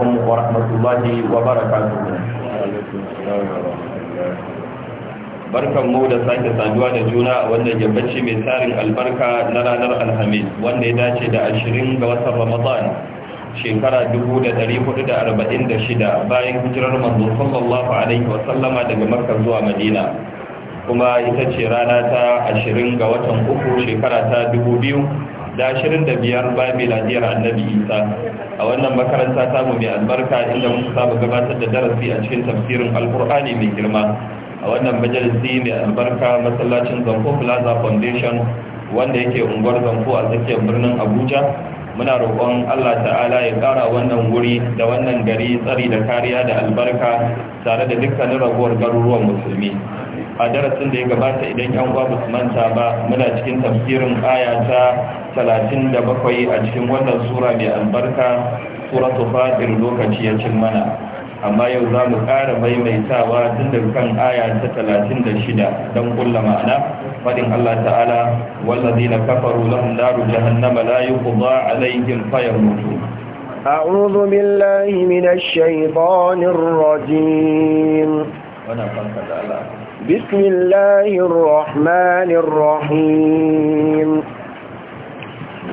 عليكم ورحمة الله وبركاته barkan mu da sake saduwa da juna a wanda yammaci mai tsarin albarka na ranar alhamis wanda ya dace da ashirin ga watan ramadan shekara dubu da da da dari hudu arba'in shida bayan hijirar manzo sallallahu alaihi sallama daga makka zuwa madina kuma ita ce rana ta ashirin ga watan uku shekara ta biyu. da ashirin da biyar bayan miladiyar annabi isa a wannan makaranta ta mu mai albarka inda mun samu gabatar da darasi a cikin tafsirin alkur'ani mai girma a wannan majalisi mai albarka masallacin zanko plaza foundation wanda yake unguwar zanko a tsakiyar birnin abuja muna roƙon allah ta'ala ya ƙara wannan wuri da wannan gari tsari da kariya da albarka tare da dukkanin raguwar garuruwan musulmi a darasin da ya gabata idan yan uwa su manta ba muna cikin tafsirin aya ta bakwai a cikin wannan sura mai albarka suratul fatir lokaci ya cin mana amma yau za mu ƙara maimaitawa tun daga kan aya ta talatin da shida don kulla ma'ana faɗin Allah ta'ala wallazi na kafaru lahum naru jahannama la yuqda alaihim fayamutu أعوذ بالله من الشيطان الرجيم ونفقد على بسم الله الرحمن الرحيم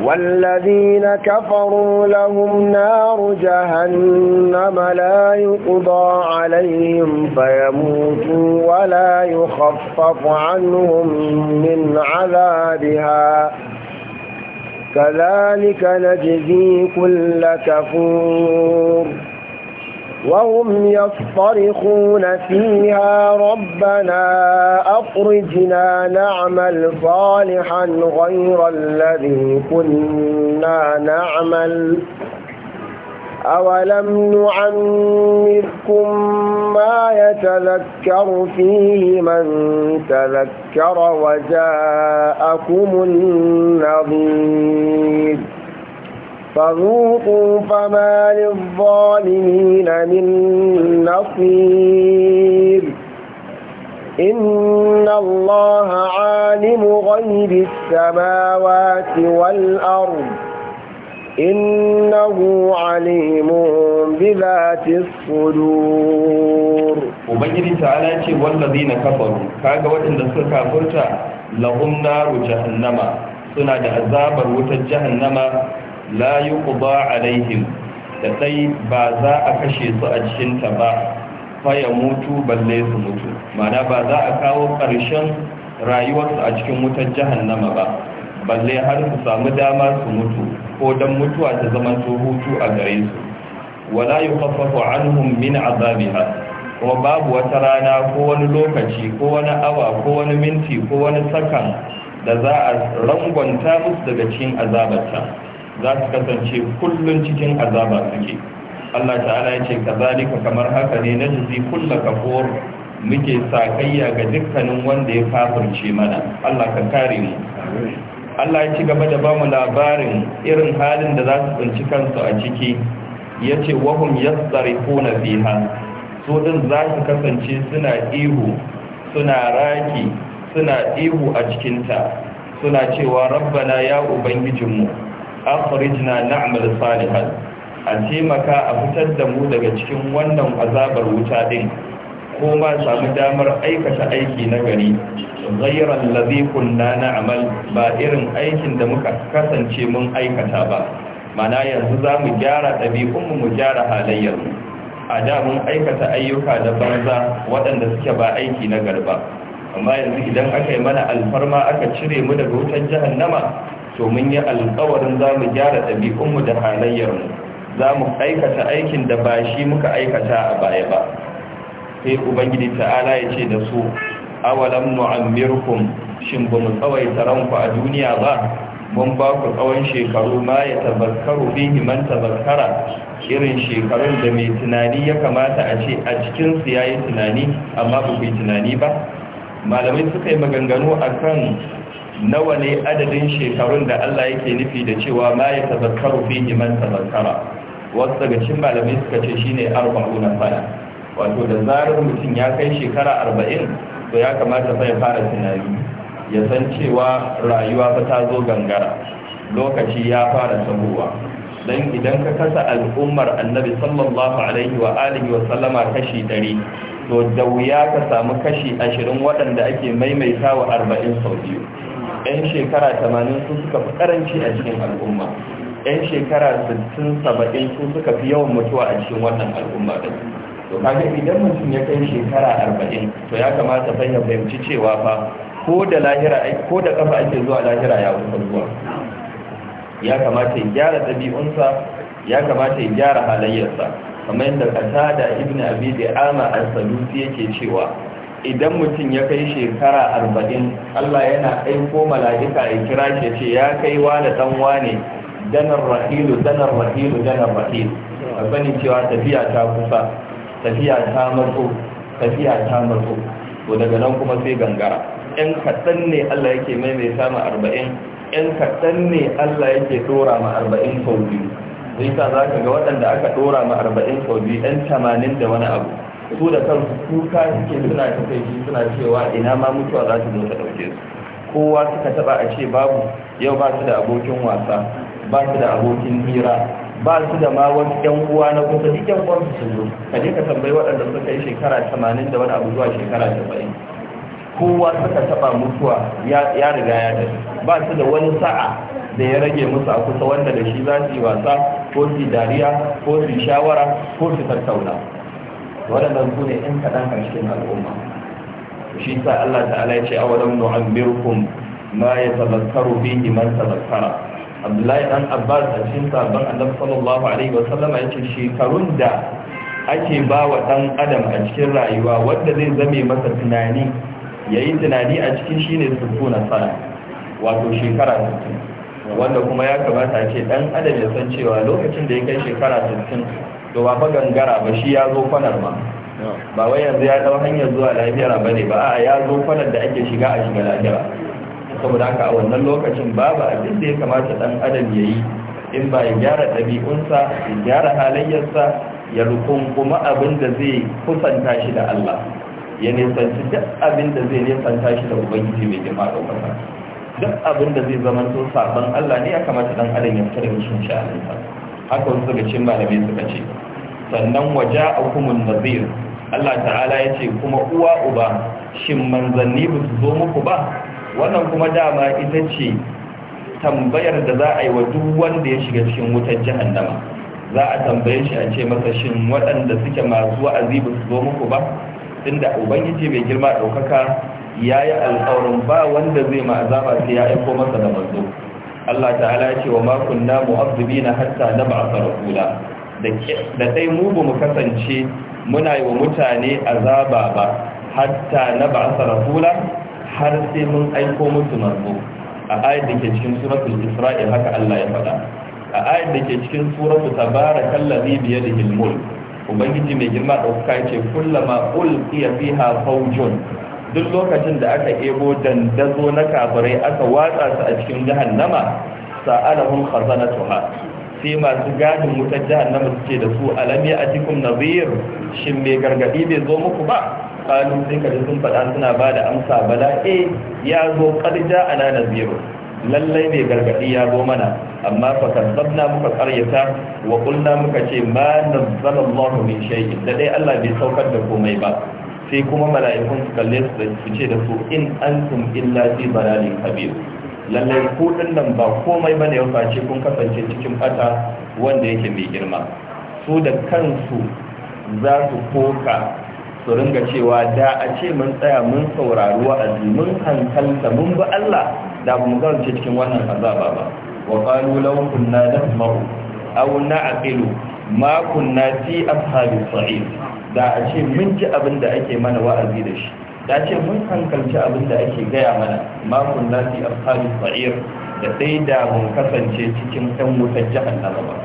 والذين كفروا لهم نار جهنم لا يقضى عليهم فيموتوا ولا يخفف عنهم من عذابها كذلك نجزي كل كفور وهم يصطرخون فيها ربنا أخرجنا نعمل صالحا غير الذي كنا نعمل أولم نعمركم ما يتذكر فيه من تذكر وجاءكم النظير فذوقوا فما للظالمين من نصير إن الله عالم غيب السماوات والأرض إنه عليم بذات الصدور وبنجي تعالى والذين كفروا كاغا ودن سكا كافرتا لهم نار جهنم suna da azabar wutar jahannama la yuqda alaihim da dai ba za a kashe su a cikinta ta ba faya mutu balle su mutu mana ba za a kawo ƙarshen rayuwarsu a cikin wutar jahannama ba balle har su samu dama su mutu ko don mutuwa ta zama hutu a gare su wala yukaffafu anhum min azabiha kuma babu wata rana ko wani lokaci ko wani awa ko wani minti ko wani sakan da za a rangwanta musu daga cikin azabarta za su kasance kullum cikin azaba suke Allah ta'ala ya ce kazalika kamar haka ne na jizi kulla kafur muke sakayya ga dukkanin wanda ya kafirce mana Allah ka kare mu Allah ya ci gaba da bamu labarin irin halin da za su tsinci kansu a ciki ya ce wahum yastarifuna fiha su din za su kasance suna ihu suna raki suna ihu a cikinta suna cewa rabbana ya ubangijinmu akhrijna na'mal salihan a taimaka a fitar da mu daga cikin wannan azabar wuta din ko ma sami damar aikata aiki na gari ghayran ladhi na Na'amal ba irin aikin da muka kasance mun aikata ba mana yanzu za mu gyara ɗabi'unmu mu gyara halayyarmu a da mun aikata ayyuka da banza waɗanda suke ba aiki na garba amma yanzu idan aka yi mana alfarma aka cire mu daga wutan jahannama to mun yi alƙawarin za mu gyara ɗabi'unmu da halayyarmu za mu aikata aikin da ba shi muka aikata a baya ba sai ubangiji ta'ala ya ce da su awalan mu'ammirkum shin ba mu tsawaita ranku a duniya ba mun ba ku tsawon shekaru ma ya tabarkaru bihi man tabarkara irin shekarun da mai tunani ya kamata a ce a cikin su yayi tunani amma ba ku tunani ba malamai suka yi maganganu akan nawa ne adadin shekarun da Allah yake nufi da cewa ma ya tazakkaru fihi man tazakkara wasu daga cin malamai suka ce shine arba'una sana wato da zarar mutum ya kai shekara arba'in to ya kamata sai ya fara tunani ya san cewa rayuwa fa ta zo gangara lokaci ya fara sabuwa dan idan ka kasa al'ummar annabi sallallahu alaihi wa alihi wa sallama kashi 100 to da wuya ka samu kashi ashirin waɗanda ake maimaitawa arba'in sau biyu 'yan shekara 80 su suka fi karanci a cikin al'umma 'yan shekara 60-70 su suka fi yawan mutuwa a cikin wannan al'umma ɗin to kaga idan mutum ya kai shekara 40 to ya kamata bai ya fahimci cewa fa ko da lahira ko da kafa ake zuwa lahira ya kusa zuwa ya kamata ya gyara dabi'unsa ya kamata ya gyara halayyarsa kamar yadda kata da ibn abi da ama al-salusi yake cewa idan mutum ya kai shekara arba'in Allah yana aiko mala'ika ya kira shi ce ya kai wa da dan wane danar rahilu danar rahilu danar rahilu a bani cewa tafiya ta kusa tafiya ta matso tafiya ta matso to daga nan kuma sai gangara ɗan kaɗan ne Allah yake maimaita ma arba'in ɗan kaɗan ne Allah yake ɗora ma arba'in sau biyu zai sa za ka ga waɗanda aka ɗora ma arba'in sau biyu ɗan tamanin da wani abu su da kansu kuka suke suna kai suna cewa ina ma mutuwa za su zo ta ɗauke su kowa suka taɓa a ce babu yau ba su da abokin wasa ba su da abokin hira ba su da ma wasu ɗan uwa na kusa duk ɗan uwansu su zo ka je ka tambayi waɗanda suka yi shekara tamanin da wani abu zuwa shekara saba'in kowa suka taɓa mutuwa ya riga ya da ba su da wani sa'a da ya rage musu a kusa wanda da shi za su yi wasa ko su dariya ko su shawara ko su tattauna waɗannan su ne ɗan kaɗan a cikin al'umma shi sa Allah ta'ala ya ce a wadan nu'ammirkum ma ya tabakkaru bihi iman tabakkara Abdullahi dan Abbas a cikin sabon Annabi sallallahu alaihi wa sallam ya ce shekarun da ake ba wa dan adam a cikin rayuwa wanda zai zame masa tunani yayi tunani a cikin shine sukuna sana wato shekara 60 wanda kuma ya kamata a ce dan adam ya san cewa lokacin da ya kai shekara 60 to ba fa gangara ba shi ya zo fanar ma ba wai yanzu ya dau hanyar zuwa lahira ba ne ba a ya zo fanar da ake shiga a shiga lahira saboda haka a wannan lokacin babu abin da ya kamata dan adam ya yi in ba ya gyara dabi'unsa ya gyara halayyarsa ya rukun kuma abin da zai kusanta shi da Allah ya nisanci duk abin da zai nisanta shi da ubangiji mai girma da ubangiji duk abin da zai zama to sabon Allah ne ya kamata dan adam ya fitar da shi insha Allah haka wasu daga cikin malamai suka ce sannan waje a kumun nazir Allah ta'ala ya ce kuma uwa uba shin manzanni ba su zo muku ba wannan kuma dama ita ce tambayar da za a yi wa duk wanda ya shiga cikin wutar jahannama za a tambaye shi a ce masa shin waɗanda suke masu wa'azi ba su zo muku ba tunda ubangiji mai girma ɗaukaka ya yi alƙawarin ba wanda zai ma'azama sai ya aiko masa da manzo Allah ta'ala ce wa makon namu na hatta na ba'asar rasula da dai mu ba mu kasance muna yi wa mutane azaba ba hatta na ba'asar rasula har sai mun aiko musu manzo a ayat da ke cikin suratul isra'il haka Allah ya faɗa a ayat da ke cikin suratul Tabara ladhi bi da al ubangiji mai girma ɗaukaka ce kullama ulqiya fiha fawjun duk lokacin da aka ebo dandazo na kafirai aka watsa su a cikin jahannama sa'alahum khazanatuha sai masu gadin wutar jahannama suke da su alami a cikin nazir shin mai gargadi bai zo muku ba kalu sai kaji sun faɗa suna ba da amsa bala e ya zo a ana naziru lallai mai gargadi ya zo mana amma fa kazzabna muka karyata wa qulna muka ce ma nazzala Allahu min shay'in da dai Allah bai saukar da komai ba sai kuma mala'ikun su kalle su su ce da su in antum illa fi balalin kabir lallai ku nan ba komai bane ya face kun kasance cikin fata wanda yake mai girma su da kansu za su koka su ringa cewa da a ce mun tsaya mun saurari wa'azi mun hankalta mun bi Allah da mu garance cikin wannan azaba ba wa qalu law kunna nasma'u aw na'qilu ma kunna fi ashabi sa'id da a ce mun ji abin da ake mana wa'azi da shi da ce mun hankalci abin da ake gaya mana ma kunna fi ashabi sa'id da dai da mun kasance cikin ɗan wutar jahannama ba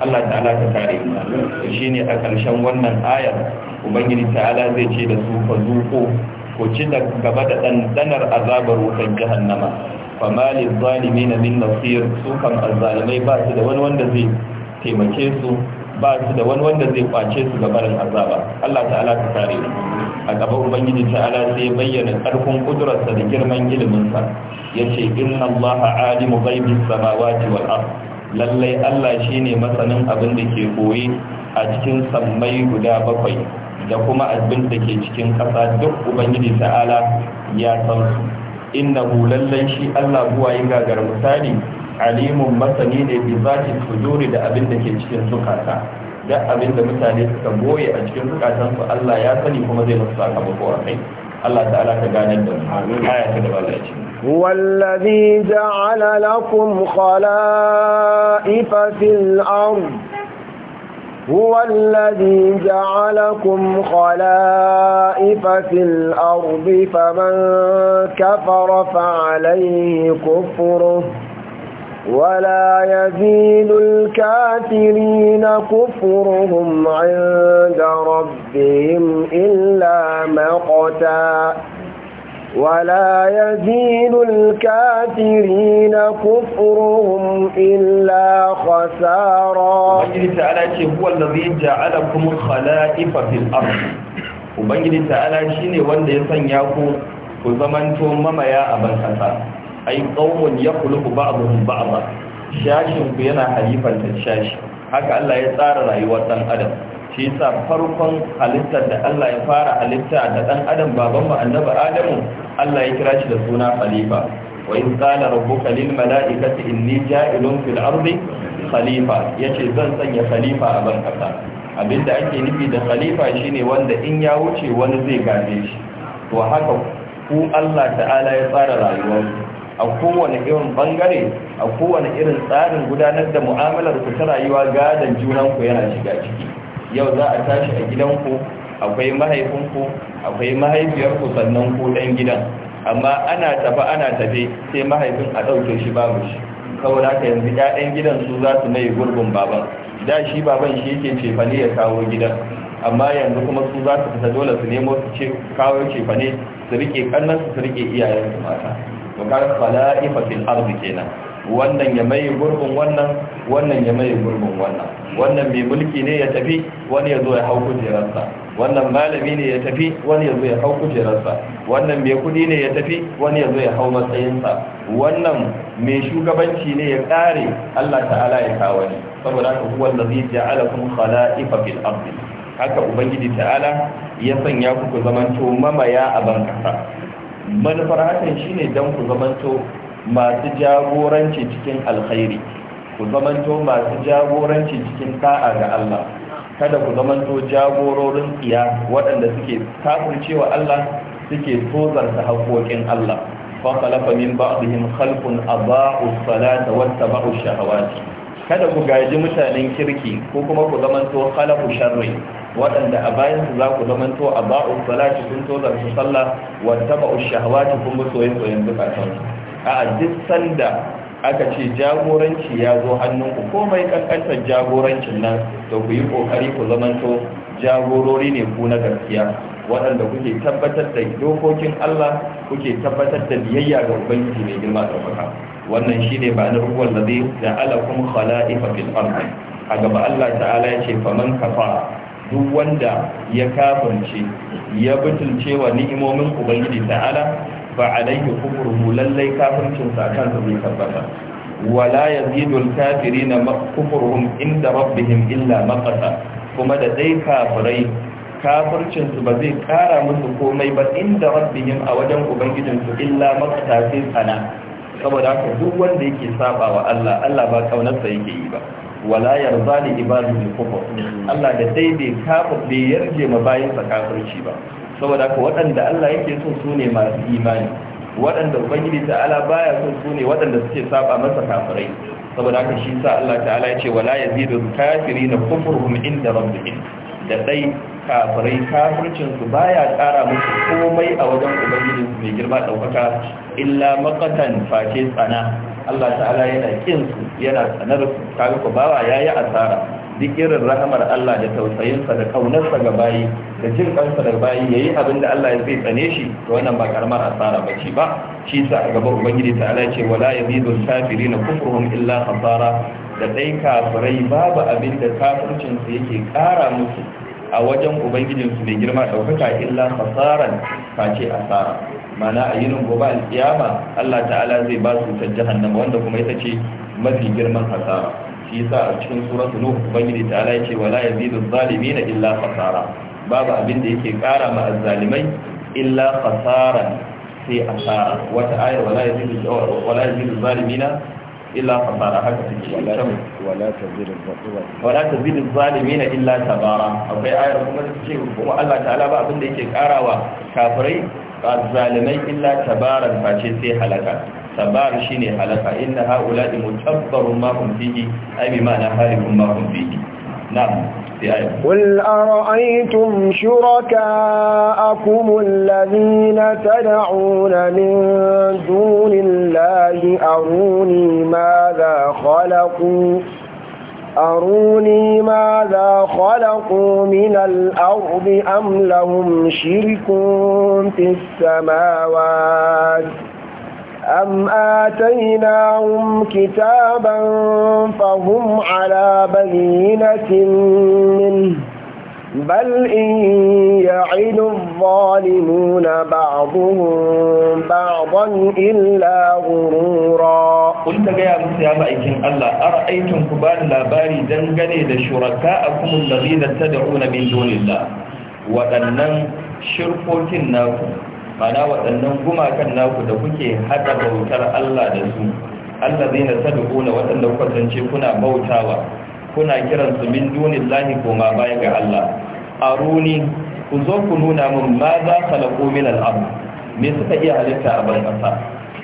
Allah ta'ala ta kare mu ne a ƙarshen wannan ayar ubangiji ta'ala zai ce da su fa zuko ko ci da gaba da ɗanɗanar azabar wutar jahannama fama lil zalimin min nasir su kan azzalimai ba su da wani wanda zai taimake su ba su da wani wanda zai kwace su gabarin azaba Allah ta'ala ta tare mu a gaba, ubangiji ta'ala sai ya bayyana karfin kudurarsa da girman ilimin sa yace inna allaha alimu ghaibi samawati wal ard lallai Allah shine masanin abin da ke koyi a cikin sammai guda bakwai da kuma abin da ke cikin kasa duk ubangiji ta'ala ya san su innahu lallai shi Allah huwa yin gagar misali alimun masani ne bi zati sujuri da abin da ke cikin zukata da abin da mutane suka boye a cikin zukatan su Allah ya sani kuma zai musu sakamako a kai Allah ta ala ka gane da mu aya ta gaba da shi والذي جعل لكم خلائف في الأرض هو الذي جعلكم خلائف في الأرض فمن كفر فعليه كفره ولا يزيد الكافرين كفرهم عند ربهم إلا مقتا ولا يزيد الكافرين كفرهم إلا خسارا وبنجل تعالى هو الذي جعلكم خلائف في الأرض وبنجل تعالى شيني وانده يسن ياكو وزمنتم مما يا أبا الخسار ai qaumun yakhluqu ba'dhum ba'dha shashin ku yana halifar da shashi haka Allah ya tsara rayuwar dan adam shi yasa farkon halittar da Allah ya fara halitta da dan adam baban mu annabi Adamu Allah ya kira shi da suna khalifa wa in qala rabbuka lil mala'ikati inni ja'ilun fil ardi khalifa yace zan sanya khalifa a ban kasa abinda ake nufi da khalifa shine wanda in ya wuce wani zai gane shi to haka ku Allah ta'ala ya tsara rayuwarku a kowane irin bangare a kowane irin tsarin gudanar da mu'amalar ku ta rayuwa gadon junanku yana shiga ciki yau za a tashi a gidanku akwai mahaifinku akwai mahaifiyarku sannan ku ɗan gidan amma ana tafi ana tafi sai mahaifin a ɗauke shi babu shi saboda haka yanzu ƴaƴan gidan su za su mai gurbin baban da shi baban shi yake cefane ya kawo gidan amma yanzu kuma su za su fita dole su nemo su kawo cefane su rike kannansu su rike iyayensu mata to kar khala'ifa fil ardi kenan wannan ya mai gurbin wannan wannan ya mai gurbin wannan wannan mai mulki ne ya tafi wani ya zo ya hau kujerarsa wannan malami ne ya tafi wani ya zo ya hau kujerarsa wannan mai kudi ne ya tafi wani ya zo ya hau matsayinsa wannan mai shugabanci ne ya kare Allah ta'ala ya kawo ne saboda haka huwa allazi ja'alakum khala'ifa fil ardi haka ubangiji ta'ala ya sanya ku ku zamanto mamaya a bankasa manufar hakan shine don ku zamanto masu jagoranci cikin alkhairi ku zamanto masu jagoranci cikin ta'a ga Allah kada ku zamanto jagororin tsiya waɗanda suke kafircewa Allah suke tozarta haƙoƙin Allah fa khalafa min ba'dihim khalqun aba'u salata wattabu shahawati kada ku gaji mutanen kirki ko kuma ku zamanto khalafu sharri waɗanda a bayan su za ku zamanto a ba'u salati kun to zarfi sallah wa taba'u shahawati kun bi soyayya soyayya bukatun a duk sanda aka ce jagoranci ya zo hannun ku komai kankantar jagorancin nan to ku yi kokari ku zamanto jagorori ne ku na gaskiya waɗanda kuke tabbatar da dokokin Allah kuke tabbatar da biyayya ga ubangiji mai girma da wannan shi shine ma'anar huwal ladhi ja'alakum khala'ifa fil ardh A gaba Allah ta'ala ya ce faman kafa duk wanda ya kafance, ya butulce wa ni'imomin ubangiji ta'ala fa alayhi kufruhu lallai kafircin a kan zai tabbata wala yazidul kafirina kufruhum inda rabbihim illa maqata kuma da dai kafirai kafircin ba zai kara musu komai ba inda rabbihim a wajen ubangijin su illa maqata sai tsana saboda haka duk wanda yake saba wa Allah Allah ba kaunarsa yake yi ba wala yarda li ibadihi kufur Allah da dai bai kafa yarje ma bayin sa kafirci ba saboda haka waɗanda Allah yake so su ne masu imani waɗanda ubangiji ta'ala baya so su ne waɗanda suke saba masa kafirai saboda haka shi sa Allah ta'ala ya ce wala yazidu kafirina kufruhum inda rabbihim da dai kafirai kafircinsu baya ƙara musu komai a wajen ubangiji mai girma ɗaukaka illa makatan face tsana Allah ta'ala yana kin yana tsanar su kaga ku bawa yayi asara duk irin rahamar Allah da tausayinsa da kaunarsa ga bayi da jin kansa da bayi yayi abin da Allah ya zai tsane shi to wannan ba karamar asara ba ce ba shi sa a gaban ubangiji ta'ala ce wala yazidul kafirina kufruhum illa khasara da dai kafirai babu abin da kafircin yake kara musu a wajen ubangijinsu mai girma ɗaukaka illa fasaran face asara mana a yinin gobe alkiyama Allah ta'ala zai ba su ta jahannama wanda kuma ita ce mafi girman hasara shi yasa a cikin suratu nuh ubangiji ta'ala ya ce wala yazidu zalimina illa fasara babu abin da yake ƙara ma azzalimai illa fasaran sai asara wata ayar wala yazidu wala yazidu zalimina illa fasara haka take wala tazidu wala tazidu zalimina illa tabara akwai ayar kuma ta ce kuma Allah ta'ala ba abin da yake karawa kafirai ba zalimai illa tabaran face sai halaka tabar shine halaka inna haula'i mutabbarun ma hum fihi ay bi ma'ana halihum ma hum fihi na'am قل أرأيتم شركاءكم الذين تدعون من دون الله أروني ماذا خلقوا أروني ماذا خلقوا من الأرض أم لهم شرك في السماوات أم آتيناهم كتابا فهم على بينة منه بل إن يعد الظالمون بعضهم بعضا إلا غرورا قلت يا مسيا مأيكين الله أرأيتم كبار لاباري دنغني لشركاءكم الذين تدعون من دون الله waɗannan shirkokin naku mana waɗannan gumakan naku da kuke haɗa bautar Allah da su Allah zai na sadu na waɗanda kwatance kuna bautawa kuna kiransu min dunin lahi koma baya ga Allah aruni ku zo ku nuna min ma za ka lako min al'abu me suka iya halitta a ƙasa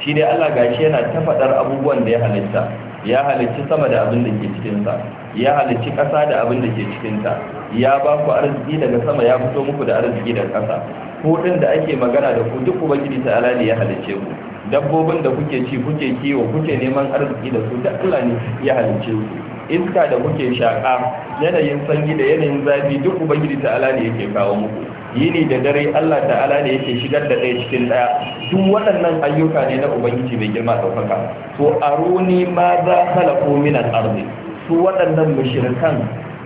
shi dai Allah gashi yana ta faɗar abubuwan da ya halitta ya halicci sama da abin da ke cikinsa ya halicci ƙasa da abin da ke cikinta ya ba ku arziki daga sama ya fito muku da arziki daga ƙasa hudun da ake magana da ku duk ubangiji ta ala ne ya halice ku dabbobin da kuke ci kuke kiwo kuke neman arziki da su da Allah ne ya halice ku iska da kuke shaka yanayin sanyi da yanayin zafi duk ubangiji ta ala ne yake kawo muku yini da dare Allah ta'ala ne yake shigar da ɗaya cikin ɗaya duk waɗannan ayyuka ne na ubangiji mai girma ɗaukaka to aruni ma za halako minan arzi su waɗannan mushrikan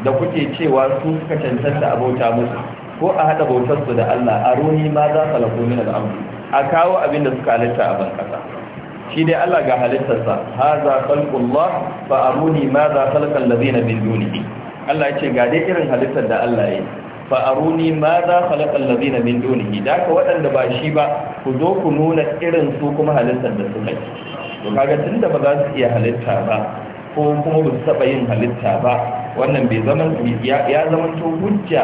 da kuke cewa su suka cancanta abota musu ko a haɗa bautarsu da Allah a ruhi ma za su lafi min al'amri a kawo abin da suka halitta a ban kasa shi dai Allah ga halittarsa ha za khalqullah fa aruni ma za khalqal ladina min dunihi Allah ya ga dai irin halittar da Allah ya yi fa aruni ma za khalqal ladina min dunihi da ka waɗanda ba shi ba ku zo ku nuna irin su kuma halittar da suka yi kaga tunda ba za su iya halitta ba ko kuma ba su taɓa yin halitta ba wannan bai zama ya zamanto hujja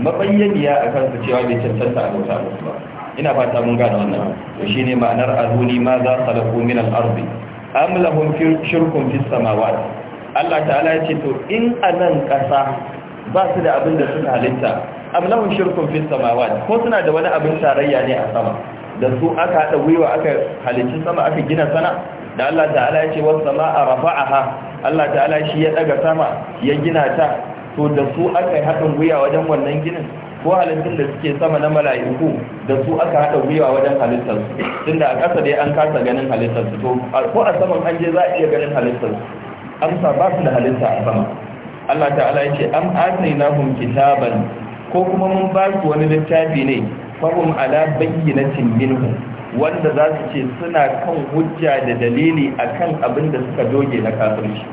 mabayyaniya a kansu cewa bai cancanta a bauta musu ba ina fata mun gane wannan to shine ma'anar aruni ma za salaku min al-ardi am lahum shirkun fis samawati Allah ta'ala ya ce to in anan kasa ba su da abin da suka halitta am lahum shirkun fis samawati ko suna da wani abin tarayya ne a sama da su aka hada gwiwa aka halicci sama aka gina sana da Allah ta'ala ya ce was samaa rafa'aha Allah ta'ala shi ya daga sama ya gina ta to da su aka yi haɗin gwiwa wajen wannan ginin ko halittun da suke sama na mala'iku da su aka haɗa gwiwa wajen halittarsu tunda a ƙasa dai an kasa ganin halittarsu to ko a saman an je za a iya ganin halittarsu amsa ba su da halitta a sama Allah ta'ala ya ce am hum kitaban ko kuma mun ba su wani littafi ne fahum ala bayyinatin minhu wanda za su ce suna kan hujja da dalili akan abin da suka doge na kafirci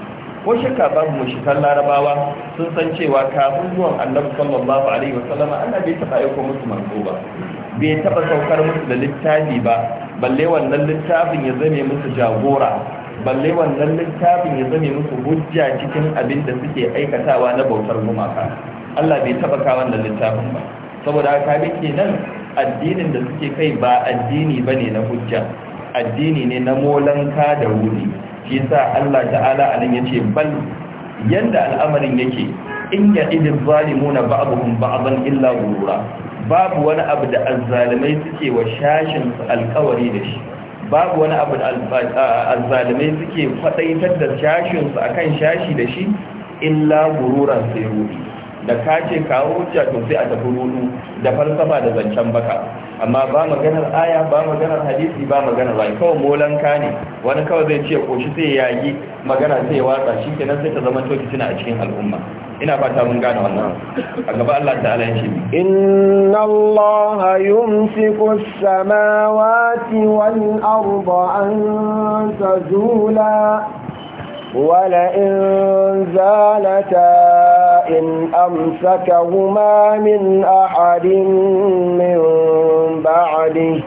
ko shakka babu mushrikan larabawa sun san cewa kafin zuwan annabi sallallahu alaihi sallama Allah bai taba aiko musu manzo ba bai taba saukar musu da littafi ba balle wannan littafin ya zame musu jagora balle wannan littafin ya zame musu hujja cikin abin da suke aikatawa na bautar gumaka Allah bai taba kawo wannan littafin ba saboda haka ke nan addinin da suke kai ba addini bane na hujja addini ne na molanka da wuri shi sa Allah ta'ala anan yace bal yanda al'amarin yake in ya idin zalimuna ba'dhum ba'dan illa ghurura babu wani abu da azzalimai suke wa shashin alkawari da shi babu wani abu da azzalimai suke faɗaitar da shashin su akan shashi da shi illa gururan sai rubi da ka ce kawo hujja to sai a tafi rudu da falsafa da zancen baka amma ba maganar aya ba maganar hadisi ba maganar wani kawai molanka ne wani kawai zai ce koshi sai ya yi magana sai ya watsa shi kenan sai ta zama toki tuna a cikin al'umma ina fata mun gane wannan a gaba Allah ta'ala ya ce inna Allah yumsiku as-samawati wal arda an tazula ولئن زالتا إن أمسكهما من أحد من بعده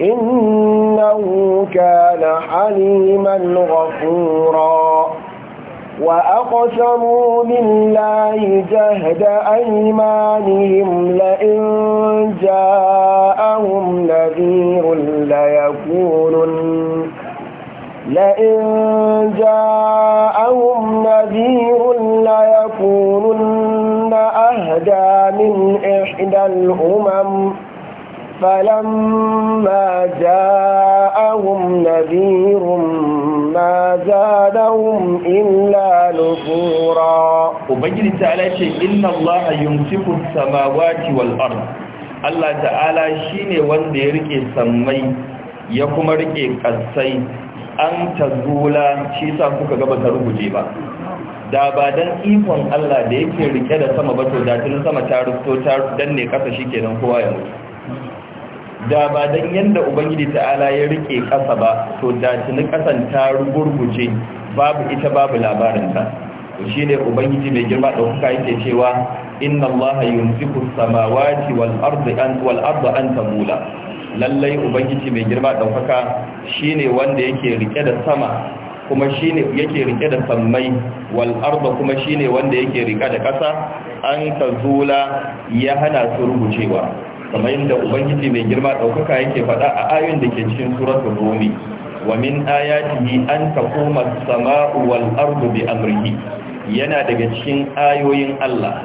إنه كان حليما غفورا وأقسموا بالله جهد أيمانهم لئن جاءهم نذير ليكونن لئن جاءهم الأمم فلما جاءهم نذير ما زادهم إلا نفورا وبجل تعالى إن الله يمسك السماوات والأرض الله تعالى شيني وانده يركي سمي يكما ركي قصي أن تزولا شيسا فوق قبطة ربجيبا da ba dan ikon Allah da yake rike da sama ba to da tun sama ta rufto ta danne kasa shikenan kowa ya mutu da ba dan yanda ubangiji ta'ala ya rike kasa ba to da kasan ta rugurguje babu ita babu labarin ta shi ne ubangiji mai girma ɗaukuka yake cewa inna Allah yunziku samawati wal ardi an wal ardi an tamula lallai ubangiji mai girma ɗaukaka shine wanda yake rike da sama kuma shine yake rike da sammai wal arda kuma shine wanda yake rika da ƙasa an tazula ya hana su rubucewa kamar yadda ubangiji mai girma daukaka yake faɗa a ayoyin da ke cikin suratul rumi wa min ayatihi an taquma as-sama'u wal ardu bi amrihi yana daga cikin ayoyin Allah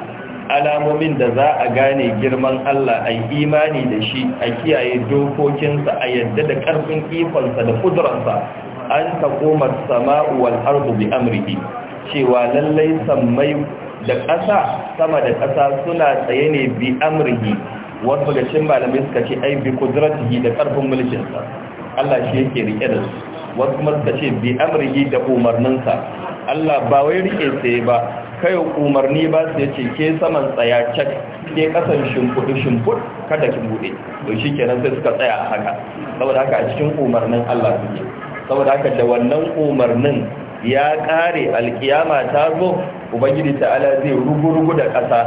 alamomin da za a gane girman Allah a imani da shi a kiyaye dokokinsa a yadda da ƙarfin ikonsa da kudurarsa an ta koma samau wal ardu bi amrihi cewa lallai sammai da ƙasa sama da ƙasa suna tsaye ne bi amrihi wasu da cin malamai suka ce ai bi kudratihi da ƙarfin mulkinsa Allah shi yake rike da su wasu kuma suka ce bi amrihi da umarninsa Allah ba wai rike tsaye ba kai umarni ba su yace ke saman tsaya cak ke kasan shimfudu shimfud kada ki bude to shikenan sai suka tsaya a haka saboda haka a cikin umarnin Allah suke saboda haka da wannan umarnin ya kare alkiyama ta zo ubangiji ta'ala zai rugurugu da ƙasa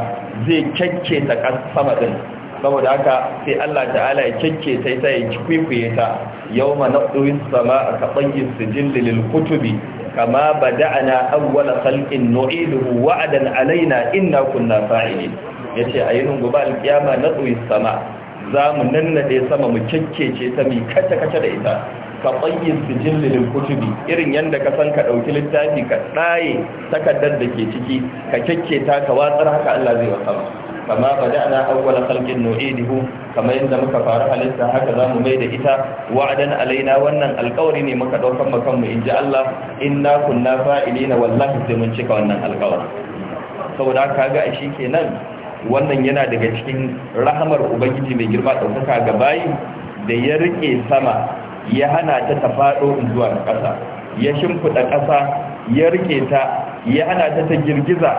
zai kyakke ta sama din saboda haka sai Allah ta'ala ya kyakke ta ita ya kwikwiye ta yawma naqdus sama ka bayyin sijil lil kutubi kama bada'ana awwal khalqin nu'iduhu wa'dan alaina inna kunna fa'ilin yace ayyun gobe alkiyama naqdus sama, za mu nannade sama mu kyakkece ta mi kace kace da ita ka tsayin sijilli lil kutubi irin yadda ka san ka ɗauki littafi ka tsaye takardar da ke ciki ka ta ka watsar haka Allah zai wasa kama bada'na awwala khalqin nu'iduhu kama yadda muka fara halitta haka zamu mai da ita wa'dan alaina wannan alƙawari ne muka daukan mu kanmu inji Allah inna kunna fa'ilina wallahi sai mun cika wannan alƙawari saboda kaga shi kenan wannan yana daga cikin rahamar ubangiji mai girma ɗaukaka ga bayi da ya rike sama ya hana ta ta faɗo zuwa ƙasa ya shimfiɗa ƙasa ya rike ta ya hana ta ta girgiza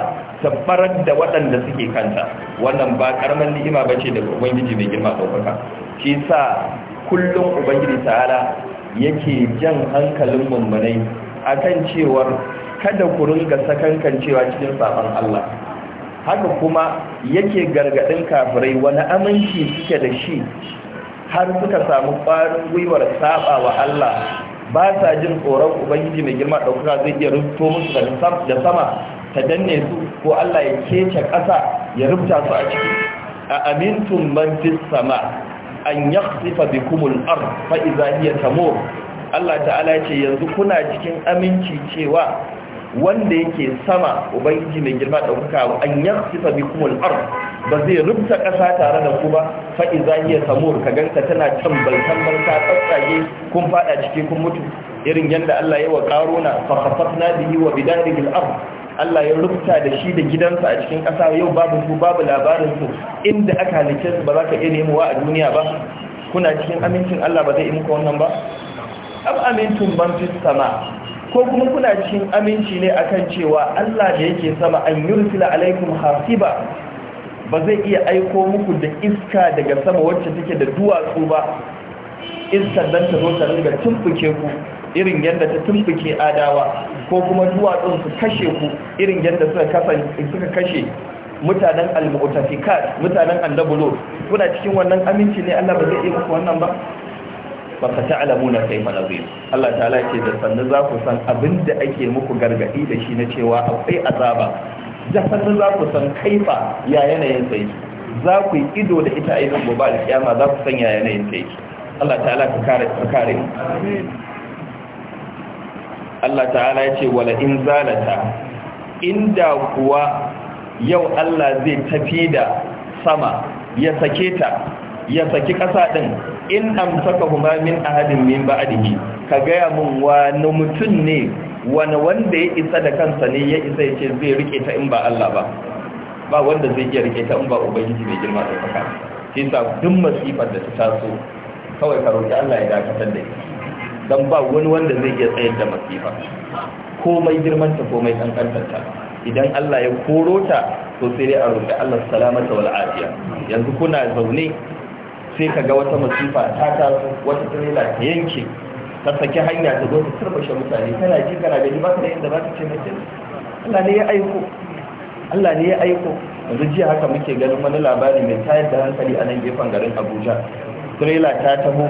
ta farar da waɗanda suke kanta wannan ba ƙaramin ni'ima ba ce da ubangiji mai girma ɗaukaka shi sa kullum ubangiji ta'ala yake jan hankalin mummunai akan cewar kada ku ringa sakankan cewa cikin sabon Allah haka kuma yake gargaɗin kafirai wani aminci suke da shi har suka samu ƙwarin gwiwar saba wa Allah ba sa jin tsoron ubangiji mai girma ɗaukaka zai iya rufto musu da sama ta danne su ko Allah ya kece ƙasa ya rubuta su a ciki a amintun man fis sama an yakhsifa bikumul ard fa idza hiya tamur Allah ta'ala ce yanzu kuna cikin aminci cewa wanda yake sama ubangiji mai girma ɗaukaka an bi bikumul ard ba zai rubuta ƙasa tare da ku ba fa'i za iya samur ka ganta tana can tambal ta tsatsage kun fada ciki kun mutu irin yadda Allah ya wa ƙaruna fafafat na yi wa bidanin al'ar Allah ya rubuta da shi da gidansa a cikin ƙasa yau babu su babu labarinsu inda aka halice su ba za ka iya nemowa a duniya ba kuna cikin amincin Allah ba zai yi wannan ba am amintun ban fi sama ko kuma kuna cikin aminci ne akan cewa Allah da yake sama an yursila alaikum hasiba ba zai iya aiko muku da iska daga sama wacce take da duwatsu ba iskar dan ta zo ta riga tumfuke ku irin yadda ta tumfuke adawa ko kuma duwatsun su kashe ku irin yadda suka kashe mutanen al-mu'tafikat mutanen andabulo kuna cikin wannan aminci ne Allah ba zai iya muku wannan ba ba ka na kai nazir Allah ta'ala ke da sannu za ku san abinda ake muku gargadi da shi na cewa akwai azaba jahannan za ku san kaifa ya yanayin sai za ku yi ido da ita idan gobe da kiyama za ku san ya yanayin sai Allah ta'ala ka kare ka kare Allah ta'ala ya ce wala in zalata inda kuwa yau Allah zai tafi da sama ya sake ta ya saki ƙasa ɗin in amsaka huma min ahadin min ba'dihi ka gaya mun wa mutum ne wani wanda ya isa da kansa ne ya isa ya ce zai rike ta in ba Allah ba ba wanda zai iya rike ta in ba ubangiji mai girma da faka shi sa duk masifar da ta taso kawai ka roki Allah ya dakatar da ita dan ba wani wanda zai iya tsayar da masifa komai girman ta komai kankantar ta idan Allah ya koro ta to sai dai a roki Allah salamata wal afiya yanzu kuna zaune sai ka ga wata masifa ta taso wata trailer ta yanke ta saki hanya ta zo ta turbashe mutane tana ji kana gani ba ta yadda ba ta ce mace Allah ne ya aiko Allah ne ya aiko yanzu jiya haka muke ganin wani labari mai tayar da hankali a nan gefen garin Abuja trailer ta taho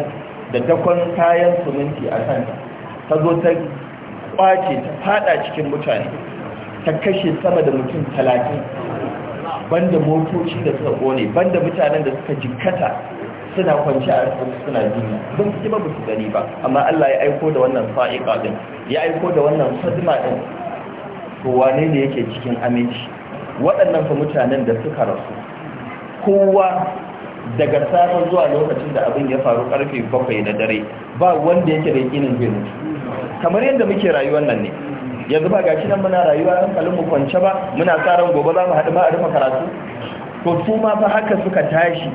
da dakon kayan suminti a kanta ta zo ta kwace ta fada cikin mutane ta kashe sama da mutum talatin banda motoci da suka kone banda mutanen da suka jikkata suna kwanci a suna jinya don su ba su gani ba amma Allah ya aiko da wannan fa'iƙa ɗin ya aiko da wannan fadima ɗin to wane ne yake cikin aminci waɗannan fa mutanen da suka rasu kowa daga safe zuwa lokacin da abin ya faru karfe bakwai da dare ba wanda yake da yakinin zai kamar yadda muke rayuwar nan ne yanzu ba gashi nan muna rayuwa hankalin mu kwance ba muna tsaron gobe za mu haɗu ba a rufe karatu to su ma fa haka suka tashi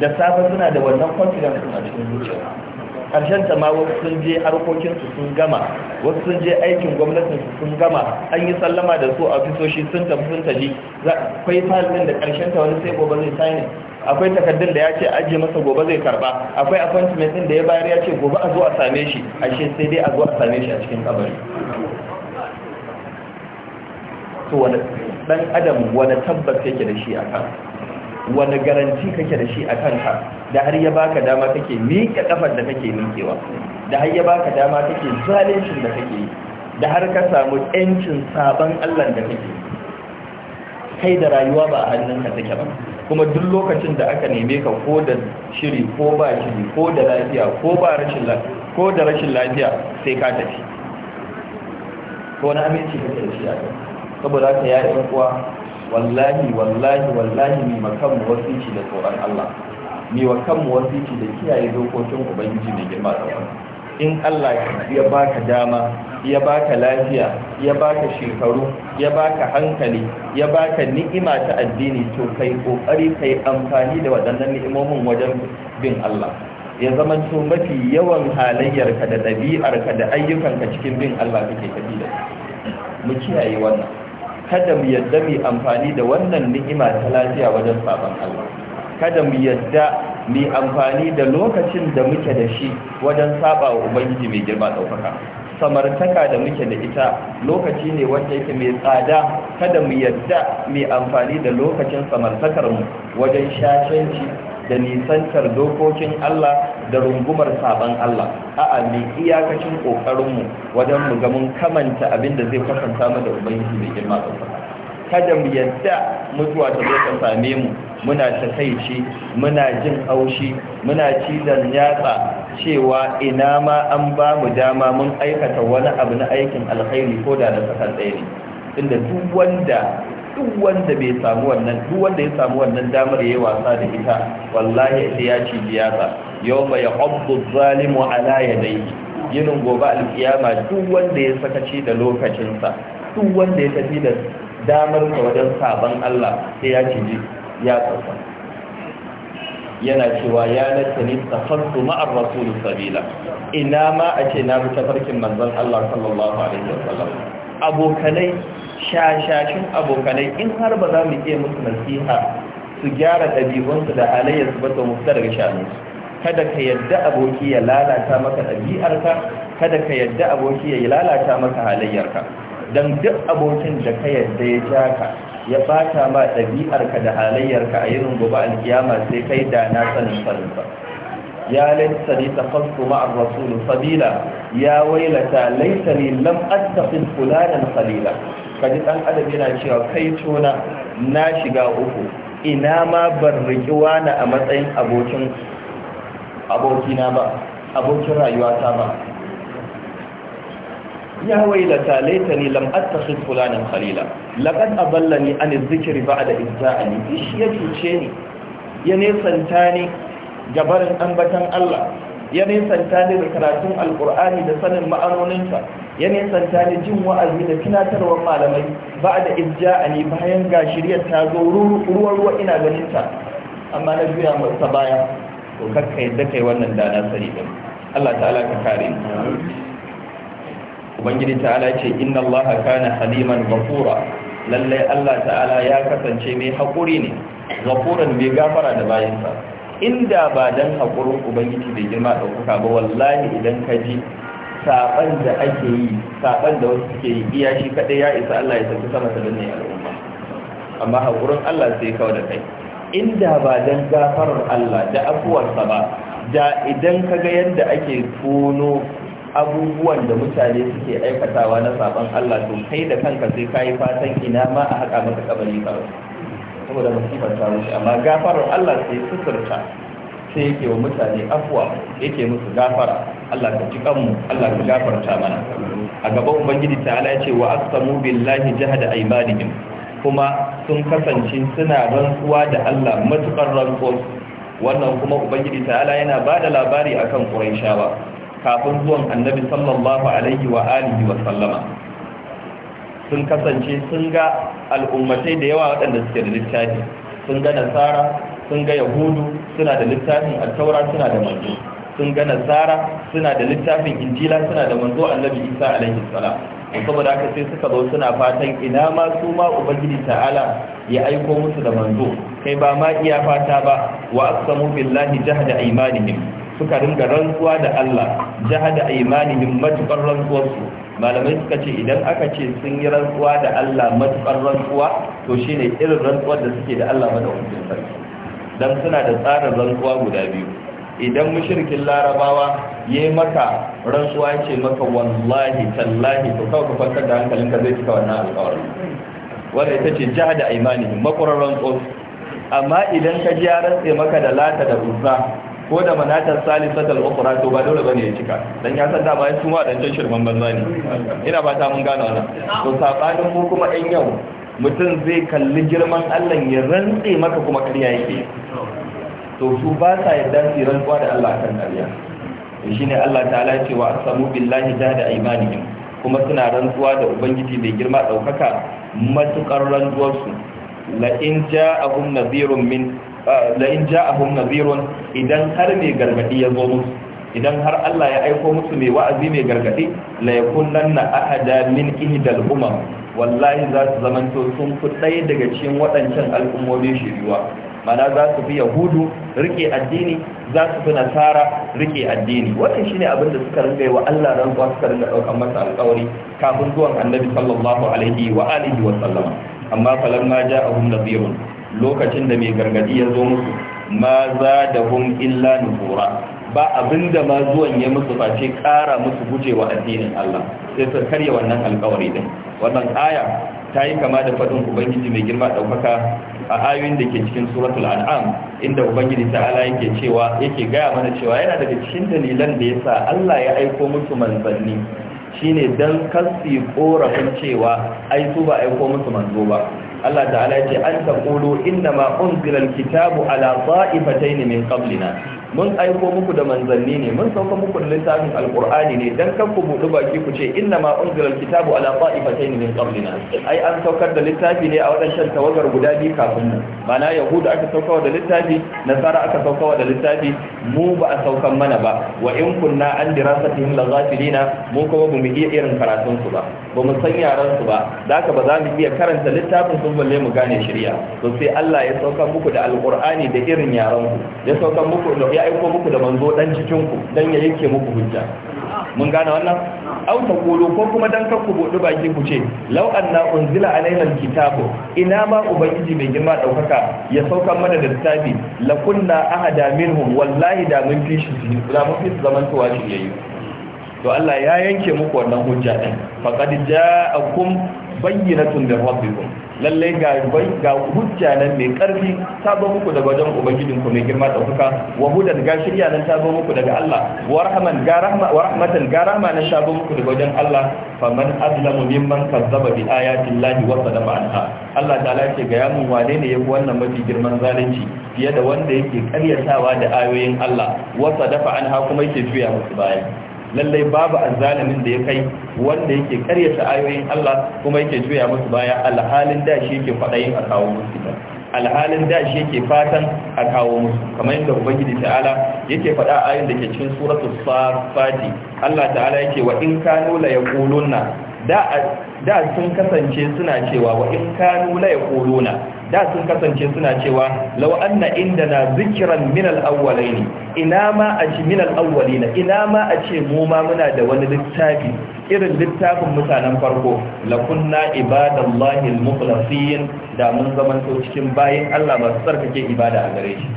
da safe suna da wannan confidence a cikin zuciya karshen ta ma wasu sun je harkokinsu sun gama wasu sun je aikin su sun gama an yi sallama da su a ofisoshi sun tafi sun tafi akwai falin da karshen ta wani sai gobe zai signing akwai takardun da ya ce ajiye masa gobe zai karba akwai appointment din da ya bayar ya ce gobe a zo a same shi ashe sai dai a zo a same shi a cikin kabari to wani dan adam wani tabbas yake da shi a kan wani garanti kake da shi a kanka da har ya baka dama kake miƙe kafar da kake miƙewa da har ya baka dama kake zalincin da kake yi da har ka samu ƴancin sabon Allah da kake kai da rayuwa ba a hannunka take ba kuma duk lokacin da aka neme ka ko da shiri ko ba shiri ko da lafiya ko ba rashin lafiya ko da rashin lafiya sai ka tafi ko na aminci kake da shi a kanka saboda haka ya yi kuwa wallahi wallahi wallahi mai makan wasici da tsoron Allah mai wa kanmu wasici da kiyaye dokokin ubangiji mai girma da in Allah ya baka dama ya baka lafiya ya baka shekaru ya baka hankali ya baka ni'ima ta addini to kai kokari kai amfani da waɗannan ni'imomin wajen bin Allah ya zama to mafi yawan halayyarka da ɗabi'arka da ayyukanka cikin bin Allah kake tafi da mu kiyaye wannan kada mu yadda mu amfani da wannan ni'ima ta lafiya wajen sabon Allah kada mu yadda mu amfani da lokacin da muke da shi wajen saba wa ubangiji mai girma daukaka samartaka da muke da ita lokaci ne wanda yake mai tsada kada mu yadda mu amfani da lokacin samartakar mu wajen shashanci da nisantar dokokin Allah da rungumar saban Allah a'a mai iyakacin kokarinmu wajen mu ga mun kamanta abin da zai kwatanta mu da ubangiji mai girma da kada mu yadda mutuwa ta zo ta same mu muna ta muna jin haushi muna cizon yatsa cewa ina ma an ba mu dama mun aikata wani abu na aikin alkhairi ko da na sakan tsaye inda duk wanda duk wanda bai samu wannan duk wanda ya samu wannan damar yayi wasa da ita wallahi sai ya ci biyasa yawma yaqdu zalimu ala yadayhi yinin gobe alkiyama duk wanda ya sakaci da lokacinsa duk wanda ya tafi da damar sa wajen saban Allah sai ya ci ya tsasa yana cewa ya nattani tafarku ma'ar rasulun sabila ina ma a ce na bi manzon Allah sallallahu alaihi wasallam abokanai shashashin abokanai in har ba za mu iya musu nasiha su gyara ɗabi'unsu da halayyarsu ba mu musu daga shanunsu kada ka yadda aboki ya lalata maka ɗabi'arka kada ka yadda aboki ya lalata maka halayyarka don duk abokin da ka yadda ya ja ka ya bata ma ɗabi'arka da halayyarka a yin gobe alkiyama sai kai da na sanin farinsa ya laita ni tafasu ma'ar rasulun sabila ya wailata laita ni lam attafi fulanan salila kaji dan adam yana cewa kai tona na shiga uku ina ma ban riki wani a matsayin abokin abokina ba abokin rayuwata ba ya wailata laitani lam attakhid fulanan khalila laqad aballani an da dhikri a idza'ani ishi ya ce ni ya nesanta ni gabarin ambatan Allah ya nisanta ne da karatun alkur'ani da sanin ma'anoninsa ya nisanta ne jin wa'azi da tunatarwar malamai ba da ijja'ani bayan ga shiryar ta zo ruwa-ruwa ina ganinta amma na juya masa baya to kakka yadda kai wannan dana sani din Allah ta'ala ka kare ubangiji ta'ala ce inna Allah kana haliman ghafura lallai Allah ta'ala ya kasance mai haƙuri ne ghafuran mai gafara da bayinsa inda ba dan haƙurin ubangiji da girma ɗaukaka ba wallahi idan ka ji saban da ake yi saban da wasu suke yi iya shi kaɗai ya isa Allah ya saki sama da ne al'umma amma haƙurin Allah sai kawai da kai inda ba dan gafarar Allah da afuwarsa ba da idan ka ga yadda ake tono abubuwan da mutane suke aikatawa na saban Allah to kai da kanka sai ka yi fatan ina ma a haƙa maka kabari ba saboda musibar ta wuce amma gafarar Allah sai suturta sai yake wa mutane afuwa yake musu gafara Allah ka ji kanmu Allah ka gafarta mana a gaban ubangiji ta'ala ya ce wa aqsamu billahi jahada aymanihim kuma sun kasance suna rantsuwa da Allah matukar rantsuwa wannan kuma ubangiji ta'ala yana bada labari akan quraishawa kafin zuwan annabi sallallahu alaihi wa alihi wa sallama sun kasance sun ga al'ummatai da yawa waɗanda suke da littafi sun ga nasara sun ga yahudu suna da littafin altaura suna da manzo sun ga nasara suna da littafin injila suna da manzo annabi isa alaihi salam saboda haka sai suka zo suna fatan ina ma su ma ubangiji ta'ala ya aiko musu da manzo kai ba ma iya fata ba wa aqsamu billahi jahda aymanihim suka ringa rantsuwa da Allah jahada aymanihim matukar rantsuwarsu malamai suka ce idan aka ce sun yi rantsuwa da Allah matuƙar rantsuwa to shi ne irin rantsuwar da suke da Allah madaukakin sarki don suna da tsarin rantsuwa guda biyu idan mashirkin larabawa ya yi maka rantsuwa ya ce maka wallahi tallahi to kawai ka farkar da hankalinka zai cika wannan alkawar wanda ita ce jiha da imani makon rantsuwa amma idan ka ji ya rantse maka da lata da usa ko da manatar salisatal ukhra to ba dole bane ya cika dan ya san da sun wadancan shirman banza ne ina ba ta mun gano wannan to sabanin mu kuma ɗan yau mutum zai kalli girman Allah ya rantse maka kuma ƙarya yake to su ba sa yarda su rantsuwa da Allah kan ƙarya shine Allah ta'ala cewa asamu billahi da imanihim kuma suna rantsuwa da ubangiji mai girma ɗaukaka matukar rantsuwarsu la in ja'ahum nadhirun min la'in ja'ahum nadhirun idan har mai gargadi ya zo musu idan har Allah ya aiko musu mai wa'azi mai gargadi la yakunanna ahada min ihdal umam wallahi za su zamanto sun fi ɗaya daga cikin waɗancan al'ummomi shiriwa mana za su fi yahudu rike addini za su fi nasara rike addini wannan shine abin da suka rinka wa Allah rantsuwa suka rinka ɗaukar masa alƙawari kafin zuwan annabi sallallahu alaihi wa alihi wa sallama. amma falamma ja'ahum nadhirun lokacin da mai gargadi ya zo musu ma za da hun illa nufura ba abin da ma zuwan ya musu ce ƙara musu gujewa addinin Allah sai su karya wannan alkawari din wannan aya ta yi kama da faɗin ubangiji mai girma ɗaukaka a ayoyin da ke cikin suratul an'am inda ubangiji ta ta'ala yake cewa yake gaya mana cewa yana daga cikin dalilan da ya sa Allah ya aiko musu manzanni shine dan kasi korafin cewa ai su ba aiko musu manzo ba Allah ta'ala ya ce an taqulu inna ma unzila kitabu ala ta'ifatayn min qablina mun aiko muku da manzanni ne mun sauka muku da littafin Alkur'ani ne dan kan ku budu baki ku ce inna ma unzila alkitabu ala ta'ifatayn min qablina ai an saukar da littafi ne a wadannan tawagar guda biyu kafin mu mana yahuda aka saukawa da littafi nasara aka saukawa da littafi mu ba a sauka mana ba wa in kunna an dirasatihim laghafilina mu kuma bamu iya irin karatun su ba bamu san yaran su ba zaka ba za mu iya karanta littafin sun balle mu gane shari'a to sai Allah ya sauka muku da Alkur'ani da irin yaran ku ya sauka muku da aiko muku da manzo dan cikinku dan ya yake muku hujja mun gane wannan aw taqulu ko kuma dan kanku ku bodi baki ku ce law anna unzila alaina alkitabu ina ma ubangiji mai girma daukaka ya saukan mana da littafi la kunna ahada minhum wallahi da mun fi shi da mun fi zaman tuwa shi yayi to Allah ya yanke muku wannan hujja din faqad ja'akum bayyinatun min rabbikum lalle ga ga hujja nan mai karfi ta zo muku daga wajen ubangijin ku mai girma dauka wa hudan ga shirya nan ta zo muku daga Allah wa rahman ga rahma wa rahmatan ga rahma nan ta zo muku daga wajen Allah faman azlamu mimman kazzaba bi ayati llahi wa sadama anha Allah ta'ala ce ga yamu wane ne yafi wannan mafi girman zalunci fiye da wanda yake karyatawa da ayoyin Allah wa sadafa anha kuma yake juya musu baya lallai babu azalimin da ya kai wanda yake karyata ayoyin Allah kuma yake juya musu baya alhalin da shi yake a kawo musu alhalin da shi yake fatan a kawo musu kamar yadda ubangiji ta'ala yake faɗa ayoyin da ke cikin suratul safati Allah ta'ala yake wa in kanu la yaquluna da sun kasance suna cewa wa in kanu la yaquluna da sun kasance suna cewa law anna indana zikran min al-awwalin ina ma a ci min al-awwalin ina ma a ce mu ma muna da wani littafi irin littafin mutanen farko la kunna ibadallahi al-mukhlasin da mun zaman to cikin bayin Allah masu tsarkake ibada a gare shi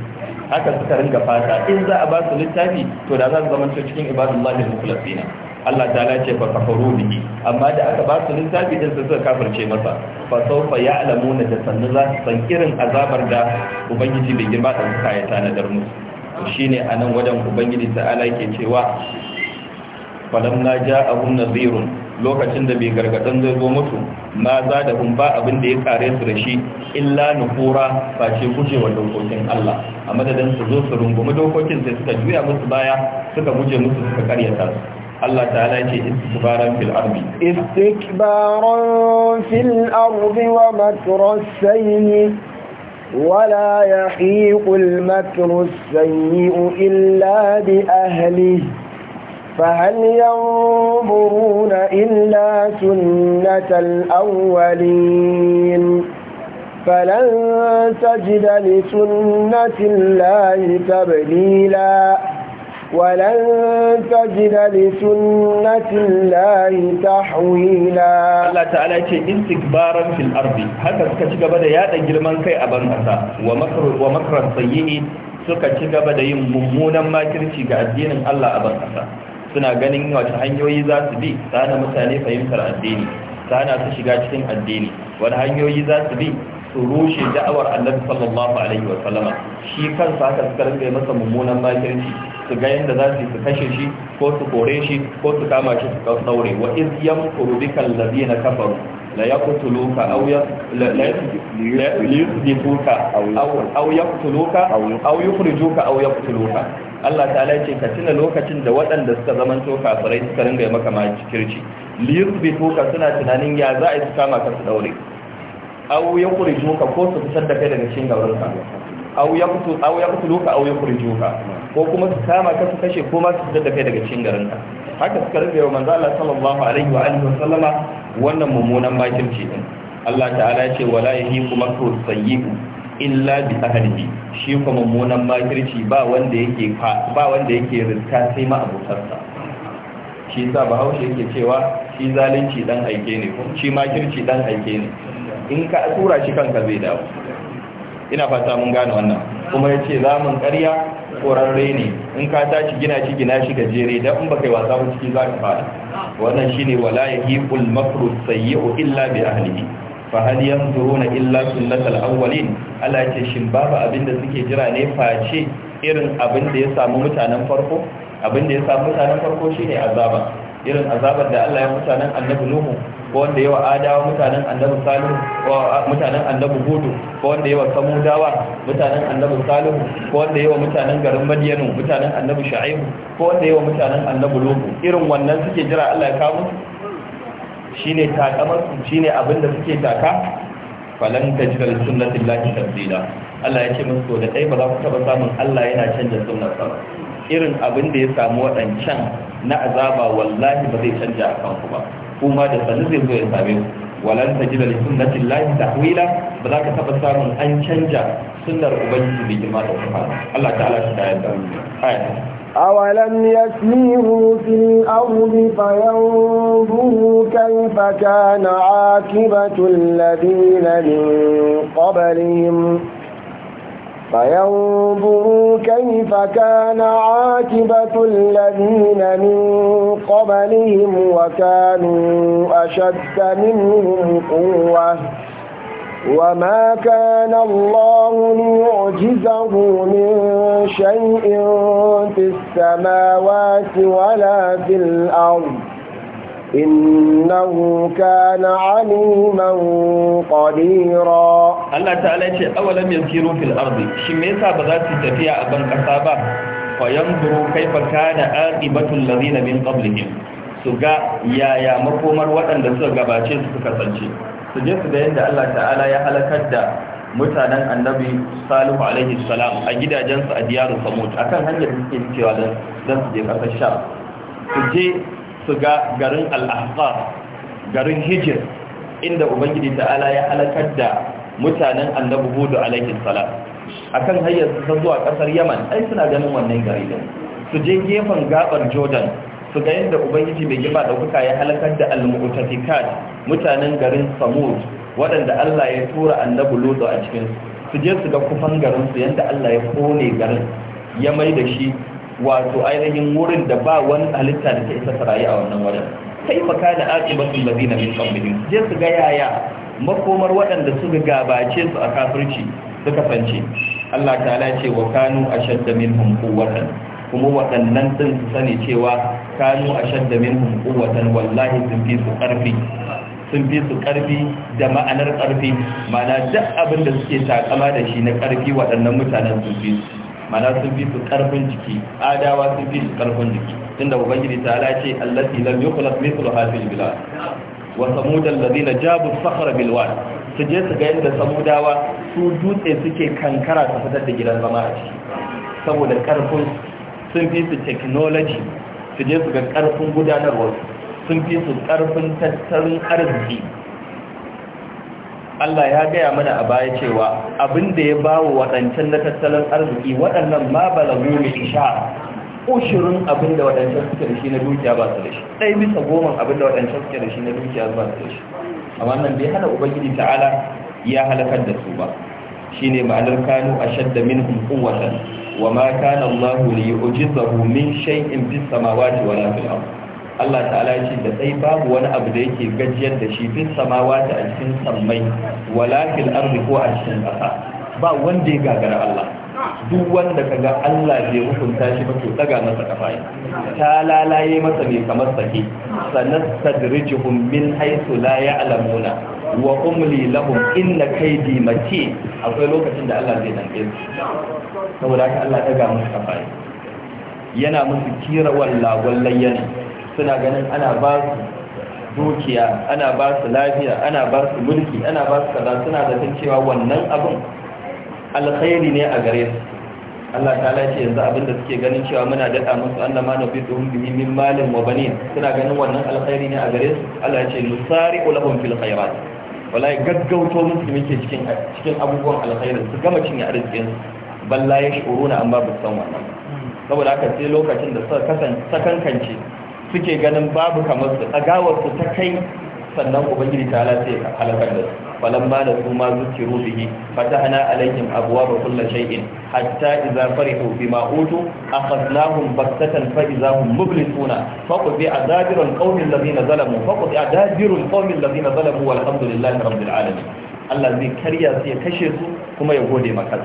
haka suka ringa fata in za a ba su littafi to da za su zaman to cikin ibadallahi al-mukhlasin Allah ta ce fa faru bihi amma da aka ba su lissafi din su suka kafirce masa fa alamu na da sannu za su san irin azabar da ubangiji bai girma da suka ya tanadar musu shine nan wajen ubangiji ta'ala ke cewa ja abun nazirun lokacin da bai gargadan zai zo mutu ma za da hun ba abin da ya kare su da shi illa nufura ba ce guje wa dokokin Allah a madadin su zo su rungumi dokokin sai suka juya musu baya suka guje musu suka karyata su الله تعالى استكبارا في الأرض استكبارا في الأرض ومكر السيء ولا يحيق المكر السيء إلا بأهله فهل ينظرون إلا سنة الأولين فلن تجد لسنة الله تبليلاً ولن تجد لسنة الله تحويلا الله تعالى يقول استكبارا في الأرض هكذا كتب بدأ يأتي جرمان كي أبن ومكر ومكر السيئ suka ci gaba da yin mummunan makirci ga addinin Allah a suna ganin wace hanyoyi za su bi sa na mutane fahimtar addini sa na su shiga cikin addini wani hanyoyi za su bi su rushe da'awar annabi sallallahu alaihi wa sallama shi kansa haka suka rinka masa mummunan makirci su ga yadda za su su kashe shi ko su kore shi ko su kama shi su saure wa iz yamkuru bika allazina kafaru la yaqtuluka aw yaqtuluka aw yaqtuluka aw yukhrijuka aw yaqtuluka Allah ta'ala ya ce ka tuna lokacin da waɗanda suka to kafirai suka ringa maka makirci li ka suna tunanin ya za a yi su kama ka su daure aw ya juka ko su fitar da kai daga cikin ka aw ya kutu aw ya kutuluka aw ya juka ko kuma su kama ka su kashe ko ma su fitar da kai daga cikin ka haka suka rufe wa manzo Allah sallallahu alaihi wa alihi wa sallama wannan mummunan makirci din Allah ta'ala ya ce wala yahiqu makru sayyi'u illa bi ahlihi shi kuma mummunan makirci ba wanda yake ba wanda yake rinta sai ma abotarsa shi yasa bahaushe yake cewa shi zalunci dan aike ne ko shi makirci dan aike ne in ka tura shi kanka zai dawo ina fata mun gane wannan kuma ya ce zamun ƙarya korarre ne in ka tashi gina shi gina shi gajere don in ba kai wasa ba ciki za ka fada wannan shine wala yahiqul makru sayyi'u illa bi ahlihi fa hal yanzuruna illa sunnatal awwalin Allah ce shin babu abin da suke jira ne face irin abin da ya samu mutanen farko abin da ya samu mutanen farko shine azaba irin azabar da Allah ya mutanen annabi Nuhu ko wanda yawa adawa mutanen annabi salihu mutanen annabi hudu ko wanda yawa samudawa mutanen annabi salihu ko wanda yawa mutanen garin madiyanu mutanen annabi shu'aibu ko wanda yawa mutanen annabi lutu irin wannan suke jira Allah ya kawo shine takamar shine abinda suke taka falan tajidal sunnatillahi tabdila Allah ya ce musu da dai ba za ku taba samun Allah yana canja sunnar sa irin abin da ya samu wadancan na azaba wallahi ba zai canja a kanku ba kuma da sanin zai zo ya same ku walan tajid li sunnati llahi tahwila ba za ka taba samun an canja sunnar ubangiji da kuma da kuma Allah ta'ala shi ya yarda ayat أولم يسيروا في الأرض فينظروا كيف كان عاقبة الذين من قبلهم فينظروا كيف كان عاقبة الذين من قبلهم وكانوا أشد منهم قوة وما كان الله ليعجزه من شيء في السماوات ولا في الأرض إنه كان عليما قديرا الله تعالى شيء أولم يسيروا في الأرض شميسا بذات تفيع أبن كسابة فينظروا كيف كان عاقبة الذين من قبلهم سجاء يا يا مقومر وأن سجاء باشيس كسلشي سجاء سجاء إن الله تعالى يحلق الدار mutanen annabi salihu alaihi salam a gidajensu a diyarun samud akan hanyar da suke cewa don su je kasar sham su je su ga garin al'ahzab garin hijir inda ubangiji ta'ala ya halakar da mutanen Annabu hudu alaihi a akan hanyar su zuwa ƙasar yaman ai suna ganin wannan gari ne. su je gefen gabar jordan su ga yadda ubangiji bai gima kuka ya halakar da al-mu'tafikat mutanen garin samud waɗanda allah ya tura Annabu lutu a cikin su je su ga kufan garinsu, yadda allah ya kone garin ya mai da shi wato ainihin wurin da ba wani halitta da ta isa ta rayu a wannan wajen sai maka da aqibatul ladina min qablihim je su ga yaya makomar waɗanda suka gabace su a kafirci suka fance Allah ta'ala ce wa kanu ashadda minhum quwwatan kuma waɗannan sun sani cewa kanu ashadda minhum quwwatan wallahi sun fi su ƙarfi sun fi su ƙarfi da ma'anar ƙarfi ma'ana duk abin da suke takama da shi na ƙarfi waɗannan mutanen sun fi su mana sun fi su karfin jiki adawa sun fi su karfin jiki tunda ubangiji ta ala ce allati lam yukhlaq mithluha fil bilad wa samud alladhina jabu sakhra bil wad su je su ga yadda samudawa su dutse suke kankara su fitar da gidan zama a ciki saboda karfin sun fi su technology su je su ga karfin gudanarwa sun fi su karfin tattalin arziki Allah ya gaya mana a baya cewa abin da ya bawa waɗancan na tattalin arziki waɗannan ma balagu ne isha ushirin abin da waɗancan suke da shi na dukiya ba su da shi ɗai bisa goma abin da waɗancan suke da shi na dukiya ba su da shi amma nan bai hana ubangiji ta'ala ya halakar da su ba Shi ne ma'anar kanu ashadda minhum quwwatan wa ma kana Allahu ya yu'jizahu min shay'in fis samawati wala fil abu. Allah ta'ala ya ce da sai babu wani abu da yake gajiyar da shi samawa ta a cikin sammai wala fil ardi ko a cikin ƙasa ba wanda ya gagara Allah duk wanda kaga Allah bai hukunta shi ba to daga masa kafa ta lalaye masa mai kamar sake tadrijuhum min haythu la ya'lamuna wa umli lahum inna kaydi mati akwai lokacin da Allah zai danke su saboda haka Allah daga masa kafa yana musu kira wallahi wallahi suna ganin ana ba su dukiya ana ba su lafiya ana ba su mulki ana ba su kaza suna zaton cewa wannan abin alkhairi ne a gare su Allah ta lace yanzu abin da suke ganin cewa muna daɗa musu an lama na biyu bihi min malin wa banin suna ganin wannan alkhairi ne a gare su Allah ya ce nusari ulahum fil khairat wallahi gaggauto musu muke cikin cikin abubuwan alkhairi su gama cinye arzikin balla ya shuruna an babu san wannan saboda haka sai lokacin da suka kasance suke ganin babu kamar su a gawar su ta kai sannan ubangiji ta halatta ya halakar da su falan ma da su ma zuci rubihi fata hana alaikin abuwa ba kulla shai'in hatta iza farihu bi ma a fasnahun baktatan fa iza hun mublisuna faku bi a dajirun kaumin lafi zalamu faku bi a dajirun kaumin lafi zalamu wa alhamdulillahi rabbil alamin allah zai karya su ya kashe su kuma ya gode maka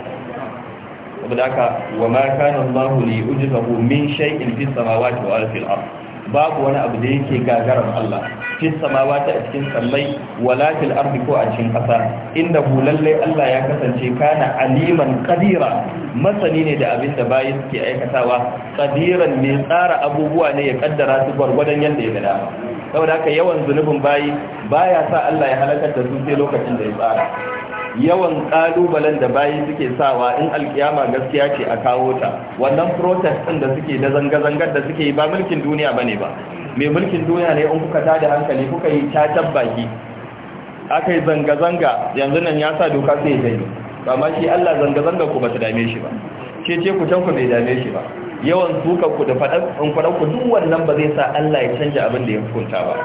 saboda haka wa ma kana allah li ujibahu min shay'in fi samawati wa fil ardh babu wani abu da yake gagarar Allah cikin samawata a cikin sallai wala fil ardi ko a cikin kasa inda hu lallai Allah ya kasance kana aliman qadira masani ne da abin da bayin suke aikatawa qadiran mai tsara abubuwa ne ya kaddara su gwargwadon yanda ya gada saboda haka yawan zunubin bayi baya sa Allah ya halakar da su sai lokacin da ya tsara yawan kalubalen da bayi suke sawa in alkiyama gaskiya ce a kawo ta wannan protest din da suke da zanga-zangar da suke yi ba mulkin duniya bane ba mai mulkin duniya ne in kuka tada hankali kuka yi ta baki aka yi zanga-zanga yanzu nan ya sa doka sai ya yi amma shi Allah zanga-zanga ku ba ta dame shi ba ce ce ku can ku bai dame shi ba yawan suka ku da fadan in faɗan ku duk wannan ba zai sa Allah ya canja abin da ya hukunta ba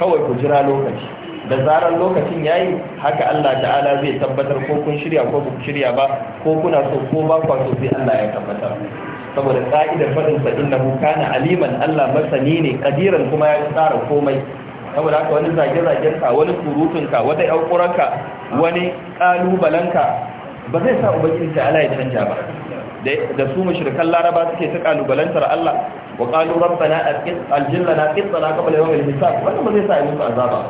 kawai ku jira lokaci da zarar lokacin ya yi haka Allah ta'ala zai tabbatar ko kun shirya ko kun shirya ba ko kuna so ko ba kwa so sai Allah ya tabbatar saboda ka'idar faɗin sa innahu kana aliman Allah masani ne kadiran kuma ya tsara komai saboda haka wani zage-zagen ka wani surutun ka wata yaukuran ka wani kalubalen ka ba zai sa ubangiji ta'ala ya canja ba da su mushrikan laraba suke ta kalubalantar Allah wa qalu rabbana asqit aljannana qitna qabla yawm al-hisab wannan ba zai sa mu azaba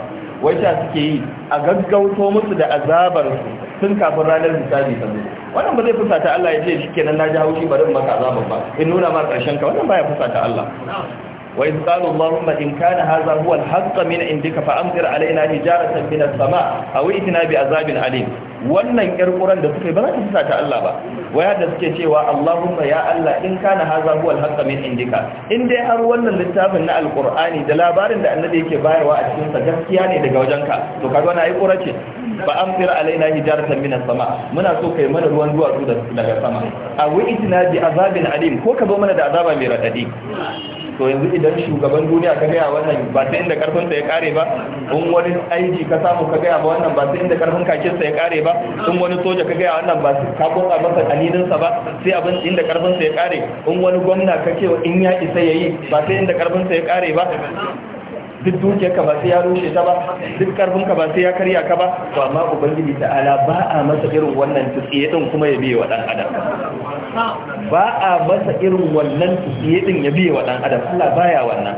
wai ta suke yi a gaggauto musu da azabar su sun kafin ranar misali ta zai wannan ba zai fusata Allah ya ce shikenan na ji haushi bari in maka azabar ba in nuna ma karshen ka wannan baya fusata Allah وإذ قالوا اللهم إن كان هذا هو الحق من عندك فأمطر علينا حجارة من السماء أو ائتنا بعذاب أليم wannan kirkuran da suka yi ba za ta fita ta Allah ba waya da suke cewa Allahumma ya Allah in kana haza huwal haqqa min indika in dai har wannan littafin na alqur'ani da labarin da annabi yake bayarwa a cikin sa gaskiya ne daga wajenka to kaga wannan ai kurace fa amtir alaina hijaratan min sama muna so kai mana ruwan duwatsu daga sama a wi itna bi azabin alim ko ka zo mana da azaba mai radadi to yanzu idan shugaban duniya ka gaya wannan ba sai inda karfin sa ya kare ba in wani aiki ka samu ka gaya ba wannan ba sai inda karfin kakin sa ya kare ba in wani soja ka gaya wannan ba sai ka kunta masa kaninin sa ba sai abin inda karfin sa ya kare in wani gwamna ka ce in ya isa yayi ba sai inda karfin sa ya kare ba duk ka ba sai ya rushe ta ba duk ka ba sai ya karya ka ba to amma ubangiji ta'ala ba a masa irin wannan tsiye din kuma ya biye wa dan adam ba a masa irin wannan tafiye din ya biye wa ɗan adam Allah baya wannan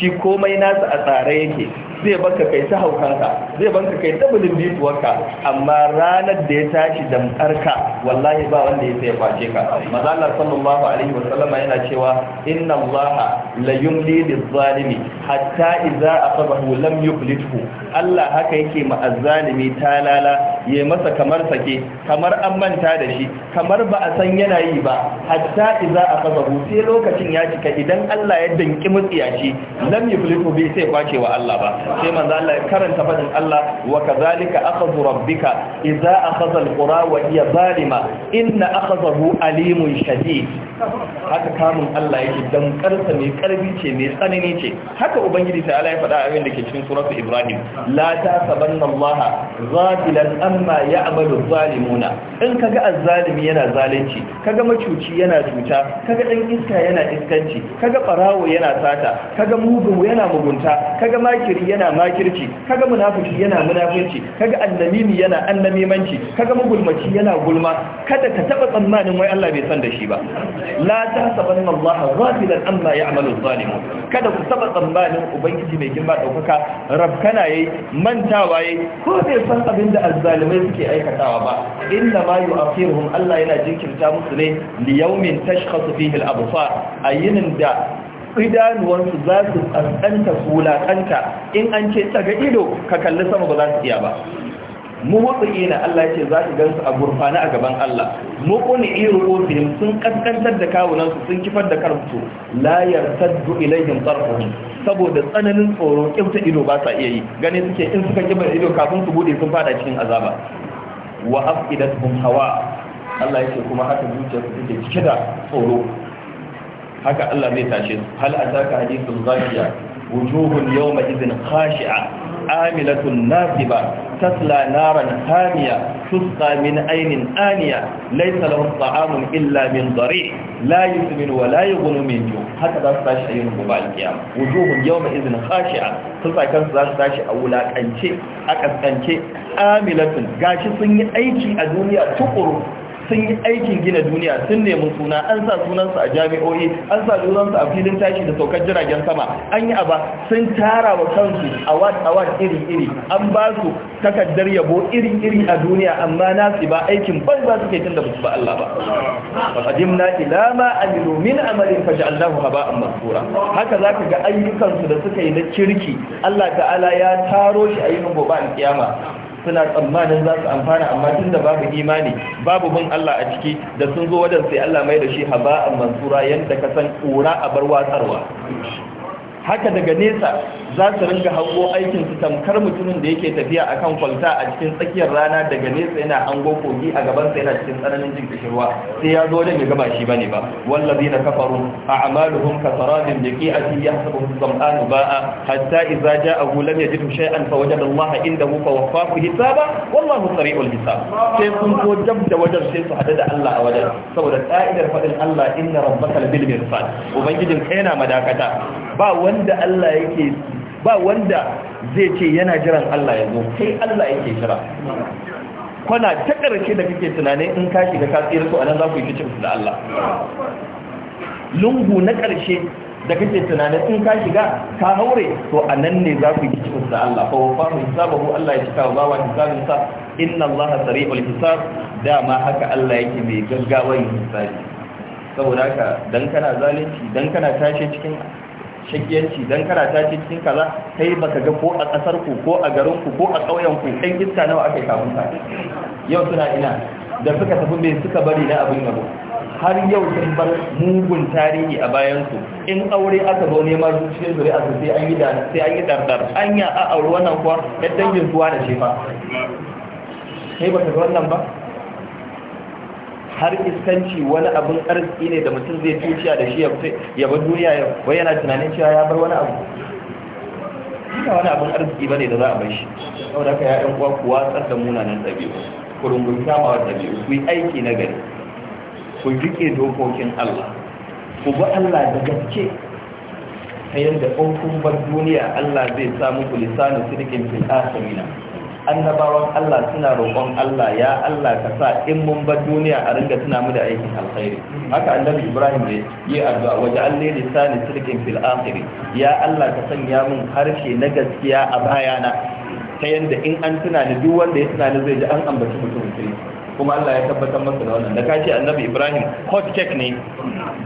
shi komai nasa a tsare yake zai banka kai ta haukanka zai banka kai ta bulin amma ranar da ya tashi damkarka wallahi ba wanda ya sai face ka mazalar sallallahu alaihi wa sallama yana cewa inna Allah la yumli lil zalimi hatta idza aqabahu lam yuflithu Allah haka yake ma azzalimi talala yayi masa kamar sake kamar an manta da shi kamar ba a san yana yi ba hatta idza aqabahu sai lokacin ya cika idan Allah ya danki ci, lam yuflithu bai sai kwace wa Allah ba sai manzo Allah ya karanta fadin Allah wa kadhalika akhadhu rabbika idza akhadha alqura wa hiya zalima inna akhadhahu alimun shadid haka kamun Allah yake dan karsa mai karfi ce mai tsanani ce haka ubangiji ta Allah ya faɗa abin da ke cikin suratul ibrahim la tasabanna Allah ya amma ya'malu zalimuna in kaga azzalimi yana zalunci kaga macuci yana cuta kaga dan iska yana iskanci kaga barawo yana sata kaga mugu yana mugunta kaga makiri yana makirci kaga munafiki yana munafirci kaga annamimi yana annamimanci kaga mugulmaci yana gulma kada ka taba tsammanin wai Allah bai san da shi ba la tahsabanna Allah ghafilan amma ya'malu zalimun kada ku taba tsammanin ubangiji mai girma daukaka rabkana yayi mantawa yayi ko bai san abin da azzalimai suke aikatawa ba inna ma yu'akhiruhum Allah yana jinkirta musu ne li yawmin tashkhasu fihi al-absar ayinin da idanuwansu za su tsantsanta su kanta in an ce ga ido ka kalli sama ba za su iya ba wasu ina Allah ce za su gansu a gurfana a gaban Allah muqni iruqufihim sun kaskantar da kawunansu, su sun kifar da karfu la yartaddu ilayhim tarfuhum saboda tsananin tsoro kimta ido ba sa iya yi gane suke in suka kiba ido kafin su bude sun fada cikin azaba wa afidatuhum hawa Allah yake kuma haka zuciyarsu take cike da tsoro haka Allah zai tashe su hal ataka hadithun zakiya wujuhun yawma idhin khashi'a amilatun nasiba tasla naran hamiya tusqa min aynin aniya laysa lahum ta'amun illa min dari la yusmin wa la yughni min jum haka za su tashi a yawm al qiyamah wujuhun yawma idhin khashi'a tusakan za su tashi a wulakance a kaskance amilatun gashi sun yi aiki a duniya tuƙuru. sun yi aikin gina duniya sun nemi suna an sa sunansu a jami'o'i an sa sunansu a filin tashi da saukar jiragen sama an yi aba sun tara wa kansu award award iri-iri an ba su takardar yabo iri-iri a duniya amma nasu ba aikin ban ba suke tun da ba su ba Allah ba fa qadimna ila ma amilu min amalin faj'alnahu haba'an mansura haka za ka ga ayyukansu da suka yi na kirki Allah ta'ala ya taro shi a ayyukan gobe alkiyama suna tsammanin za su amfana amma tun da babu imani babu bin Allah a ciki da sun zo wajen sai Allah mai da shi a mansura yadda ka san ƙura a bar watsarwa haka daga nesa za su ringa hango aikin su tamkar mutumin da yake tafiya akan kwalta a cikin tsakiyar rana daga nesa yana hango kogi a gaban sa yana cikin tsananin jin kishirwa sai ya zo dan ya gaba shi bane ba wallazina kafaru a'maluhum kasarabin biqi'ati yahsabuhu dhama'an ba'a hatta idza ja'ahu lam yajidhu shay'an fawajada Allah indahu fawaffahu hisaba wallahu sari'ul hisab sai sun ko jab da wajen sai su hada da Allah a wajen saboda ka'idar fadin Allah inna rabbakal bil mirsad ubangijin kai na madakata ba wanda Allah yake ba wanda zai ce yana jiran Allah ya zo kai Allah yake jira kwana ta ƙarshe da kake tunanin in ka shiga ka tsira su anan za ku yi cikin da Allah lungu na ƙarshe da kake tunanin in ka shiga ka haure to anan ne za ku yi cikin da Allah fa wa mu hisabahu Allah ya cika wa hisabin sa inna Allah sari'ul hisab ma haka Allah yake mai gaggawa yin hisabi saboda haka dan kana zalunci dan kana tashe cikin shakiyanci don karata ce cikin kaza kai baka ga ko a kasar ku ko a garin ku ko a ƙauyen ku ɗan iska nawa aka yi kafin ka yau suna ina da suka tafi me suka bari na abin yabo har yau sun bar mugun tarihi a bayansu in aure aka zo neman zuciyar zuri a sai an yi da sai an yi dardar Anya a aure wannan kuwa ɗan dangin zuwa da shefa ba kai ba ga wannan ba har iskanci wani abin arziki ne da mutum zai tuciya da shi ya bar duniya wai yana tunanin cewa ya bar wani abu ina wani abin arziki bane da za a bar shi da haka ya'yan uwa kuwa tsar da munanan ɗabi'u ku rungun kamawa ɗabi'u ku yi aiki na gari ku riƙe dokokin Allah ku bi Allah da gaske ta yadda ɗaukun bar duniya Allah zai samu ku lisanu sirkin fil akhirina annabawan Allah suna roƙon Allah ya Allah ka sa in mun bar duniya a ringa tuna mu da aikin alkhairi haka annabi Ibrahim ne yi addu'a waje an lili sani sirkin fil akhiri ya Allah ka sanya mun harshe na gaskiya a bayana ta yanda in an tuna ni duk wanda ya tuna ni zai ji an ambaci mutum kuma Allah ya tabbatar masa da wannan da kace annabi Ibrahim hot cake ne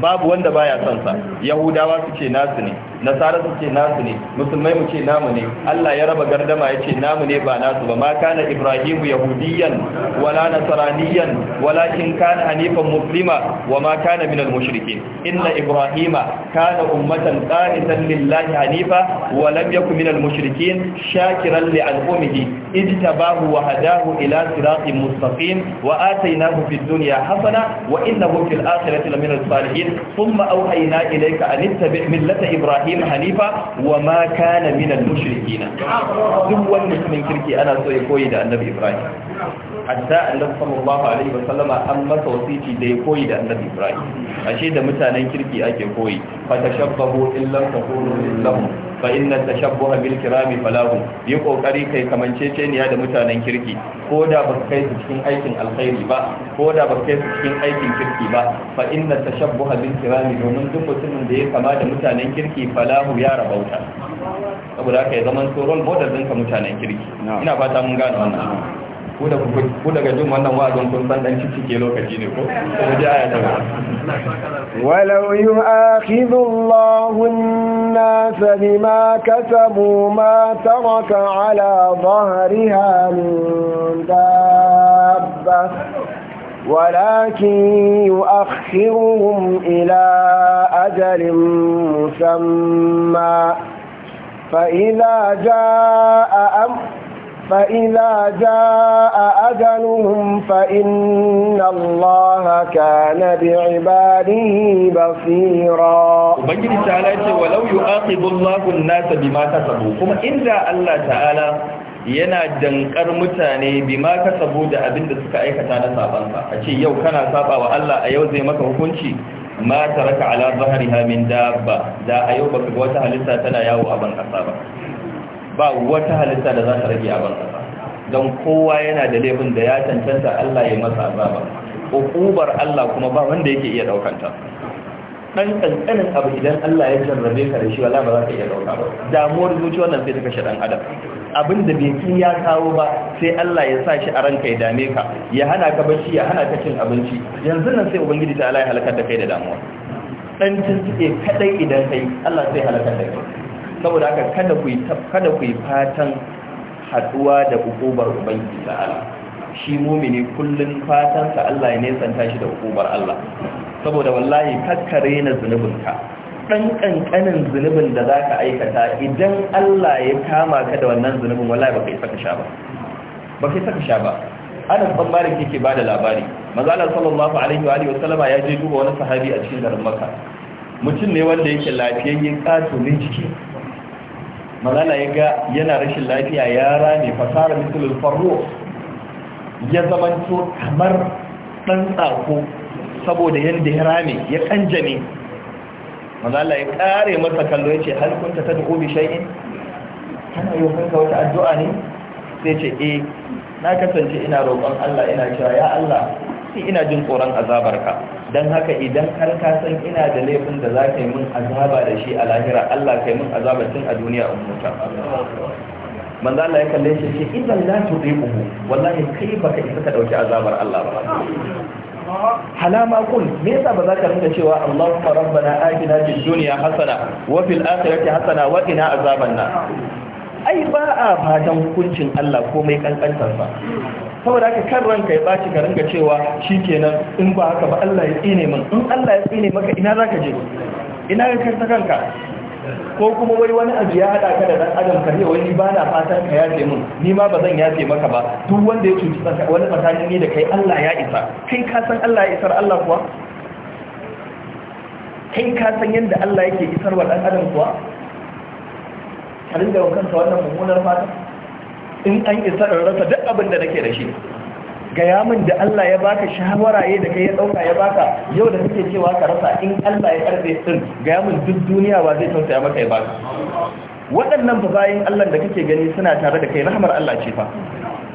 babu wanda baya son sa yahudawa su ce nasu ne nasara su ce nasu ne musulmai mu ce namu ne Allah ya raba gardama ya ce namu ne ba nasu ba ma kana ibrahimu yahudiyan wala nasraniyan walakin kana hanifan muslima wa ma kana min mushrikin inna ibrahima kana ummatan qanitan lillahi hanifa wa lam yakun minal mushrikin shakiran li al'umihi ijtabahu wa hadahu ila siratin mustaqim wa atainahu fid dunya hasana wa innahu fil akhirati laminal salihin thumma auhayna ilayka an tabi' millata ibrahim hanifa wa ma kana minal mushrikeen duk wani mutumin kirki ana so ya koyi da annabi ibrahim hatta annabi sallallahu alaihi wasallam an masa wasiki da ya koyi da annabi Ibrahim ashe da mutanen kirki ake koyi fa tashabbahu illa taqulu lahum fa inna tashabbaha bil kirami falahu yi kokari kai ya da mutanen kirki ko da ba kai su cikin aikin alkhairi ba ko da ba kai su cikin aikin kirki ba fa inna tashabbaha bil kirami domin duk mutumin da ya kama da mutanen kirki falahu ya rabauta saboda haka ya zaman tsoron model ɗinka mutanen kirki ina fata mun gane wannan ku daga jin wannan wa'azin kun san dan ciki ke lokaci ne ko kuma ji aya ta walau yu'akhidhu Allahu an-nas bima kasabu ma taraka ala dhahriha min dabba ولكن يؤخرهم إلى أجل مسمى فإذا جاء أمر فإذا جاء أجلهم فإن الله كان بعباده بصيرا وبنجد تعالى ولو يؤاخذ الله الناس بما كسبوا كما إن الله تعالى yana dankar mutane bi ma ka abin da suka aikata na sabansa a ce yau kana saba wa Allah a yau zai maka hukunci ma taraka ala zahriha min dabba da a yau baka ga wata halitta tana yawo a ban kasa ba ba wata halitta da za ta rage a banka don kowa yana da laifin da ya cancanta Allah ya masa azaba uqubar Allah kuma ba wanda yake iya ta dan kankanin abu idan Allah ya jarrabe ka da shi wala ba za ka iya dauka ba damuwar zuciyar nan sai ta kashe dan adam abin da bai kin ya kawo ba sai Allah ya sa shi a ranka ya dame ka ya hana ka bacci ya hana ka cin abinci yanzu nan sai ubangiji ta Allah ya halaka da kai da damuwa dan tuntuɓe kadai idan kai Allah sai halaka da kai saboda haka kada ku kada ku yi fatan haduwa da hukumar ubangiji ala, shi mumini kullun fatan sa Allah ya nesanta shi da hukumar Allah saboda wallahi kakkare na zunubinka dan kankanin zunubin da zaka aikata idan Allah ya kama ka da wannan zunubin wallahi baka isa ka sha ba baka isa ka sha ba ana bin barin yake da labari manzo Allah sallallahu alaihi wa alihi wa sallama ya je duba wani sahabi a cikin garin Makka mutum ne wanda yake lafiyayyen kato jiki mazala ya ga yana rashin lafiya ya rame fasara misalin farro ya zamanto kamar ɗan tsako saboda yadda ya rame ya ƙanjame mazala ya kare masa kallo ya ce halkunta ta dubu bishayin kana yi kanka wata addu'a ne sai ce e na kasance ina roƙon Allah ina cewa ya Allah nafsi ina jin tsoron azabarka don haka idan har ka san ina da laifin da za ka yi min azaba da shi a lahira Allah ka yi min azaba tun a duniya in mutu manzo Allah ya kalle shi shi idan la ubu, wallahi kai baka isa ka dauki azabar Allah ba halama kun me yasa ba za ka rinka cewa Allahumma rabbana atina fid dunya hasana wa fil akhirati hasana wa qina azaban nar ai ba a fatan hukuncin Allah komai kankantar ba saboda haka kan ranka ya baci ka ranka cewa shi kenan in ba haka ba Allah ya tsine min in Allah ya tsine maka ina zaka je ina ka kanta kanka ko kuma wai wani abu ya hada ka da dan adam ka ne wani ba na fatan ka yafe min ni ma ba zan yafe maka ba duk wanda ya cuci tsaka wani tsakanin ne da kai Allah ya isa kai ka san Allah ya isar Allah kuwa kai ka san yadda Allah yake isar wa dan adam kuwa ka rinda wa wannan mummunar fata in an isa in rasa duk abin da nake da shi gaya min da Allah ya baka shawaraye da kai ya dauka ya baka yau da kake cewa ka rasa in Allah ya karbe din gaya min duk duniya ba zai tausaya maka ya baka waɗannan fa bayin Allah da kake gani suna tare da kai rahmar Allah ce fa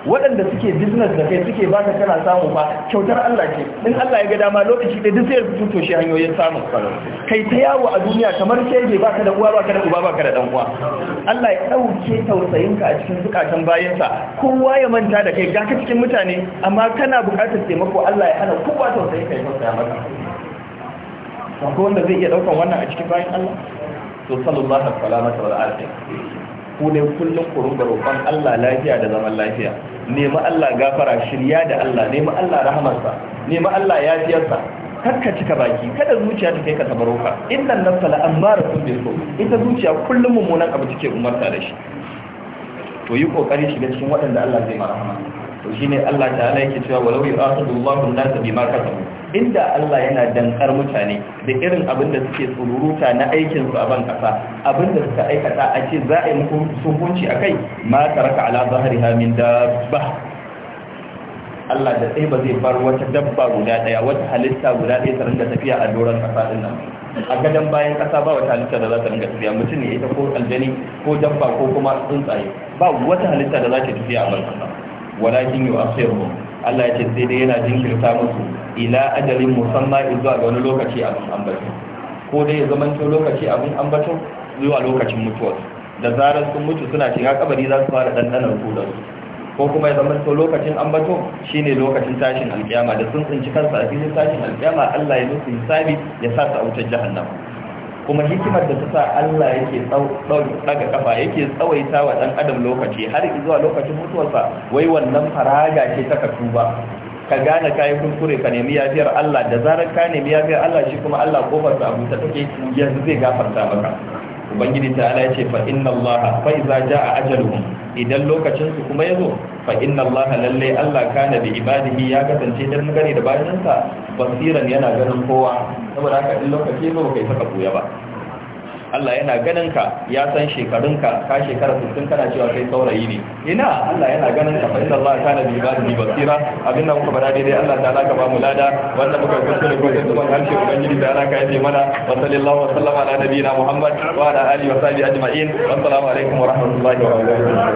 waɗanda suke business da kai suke baka kana samu ba kyautar Allah ce in Allah ya ga dama lokaci da duk sai su shi hanyoyin samun kai ta yawo a duniya kamar ke baka da uwa baka da uba baka da dan uwa Allah ya dauke tausayin ka a cikin zukatan bayansa kowa ya manta da kai ga ka cikin mutane amma kana buƙatar taimako Allah ya hana kowa tausayin kai tausaya maka ko wanda zai iya daukan wannan a cikin bayan Allah to sallallahu alaihi wa sallam ku ne kullum ku runga roƙon Allah lafiya da zaman lafiya Nema Allah gafara shirya da Allah Nema Allah rahamarsa Nema Allah yafiyarsa karka cika baki kada zuciya ta kai ka tabaro ka innan nafsa la amara kun bi so ita zuciya kullum mummunan abu take umarta da shi to yi kokari shiga cikin waɗanda Allah zai marhama to shine Allah ta'ala yake cewa walau yu'akhidullahu an-nasa bima kasabu inda Allah yana dankar mutane da irin abin da suke tsururuta na aikin su a ban kasa abin da suka aikata a ce za a yi muku a kai ma taraka ala hamin da ba Allah da tsaye ba zai bar wata dabba guda daya wata halitta guda daya ta ringa tafiya a doron kasa din nan a gadon bayan kasa ba wata halitta da za ta ringa tafiya mutum ne ita ko aljani ko dabba ko kuma tsuntsaye ba wata halitta da za ta tafiya a ban kasa walakin yu'akhiruhum Allah ya ce sai dai yana jinkirta musu ila ajalin musamman zuwa ga wani lokaci abin ambaton ko dai ya zamanto lokaci abin ambaton zuwa lokacin mutuwar da zarar sun mutu suna shiga kabari za su fara ɗanɗanar kudar ko kuma ya zamanto lokacin ambato shine lokacin tashin alkiyama da sun tsinci kansa a filin tashin alkiyama Allah ya musu hisabi ya sa su a wutar jahannama kuma hikimar da ta sa Allah yake daga kafa yake tsawaita wa dan adam lokaci har zuwa lokacin mutuwarsa wai wannan faraga ce ta ka tuba ka gane kayi kuskure ka nemi yafiyar Allah da zarar ka nemi yafiyar Allah shi kuma Allah kofar sa abu ta take yanzu zai gafarta maka ubangiji ta'ala ya ce fa inna Allah fa iza jaa ajaluhum idan lokacin su kuma yazo fa inna Allah lalle Allah kana bi ibadihi ya kasance dan gani da bayanansa basiran yana ganin kowa saboda haka in lokaci zo kai saka buya ba Allah yana ganin ka ya san shekarunka ka shekara 60 kana cewa kai saurayi ne ina Allah yana ganin ka fa inna Allah kana bi ibadihi basira abinda muka bada dai Allah ta'ala ka ba mu lada wanda muka kuskure ko da kuma harshe ubangiji da ka yaje mana wa sallallahu wa sallama ala nabiyina Muhammad wa ala alihi wa sahbihi ajma'in wa assalamu alaikum wa rahmatullahi wa barakatuh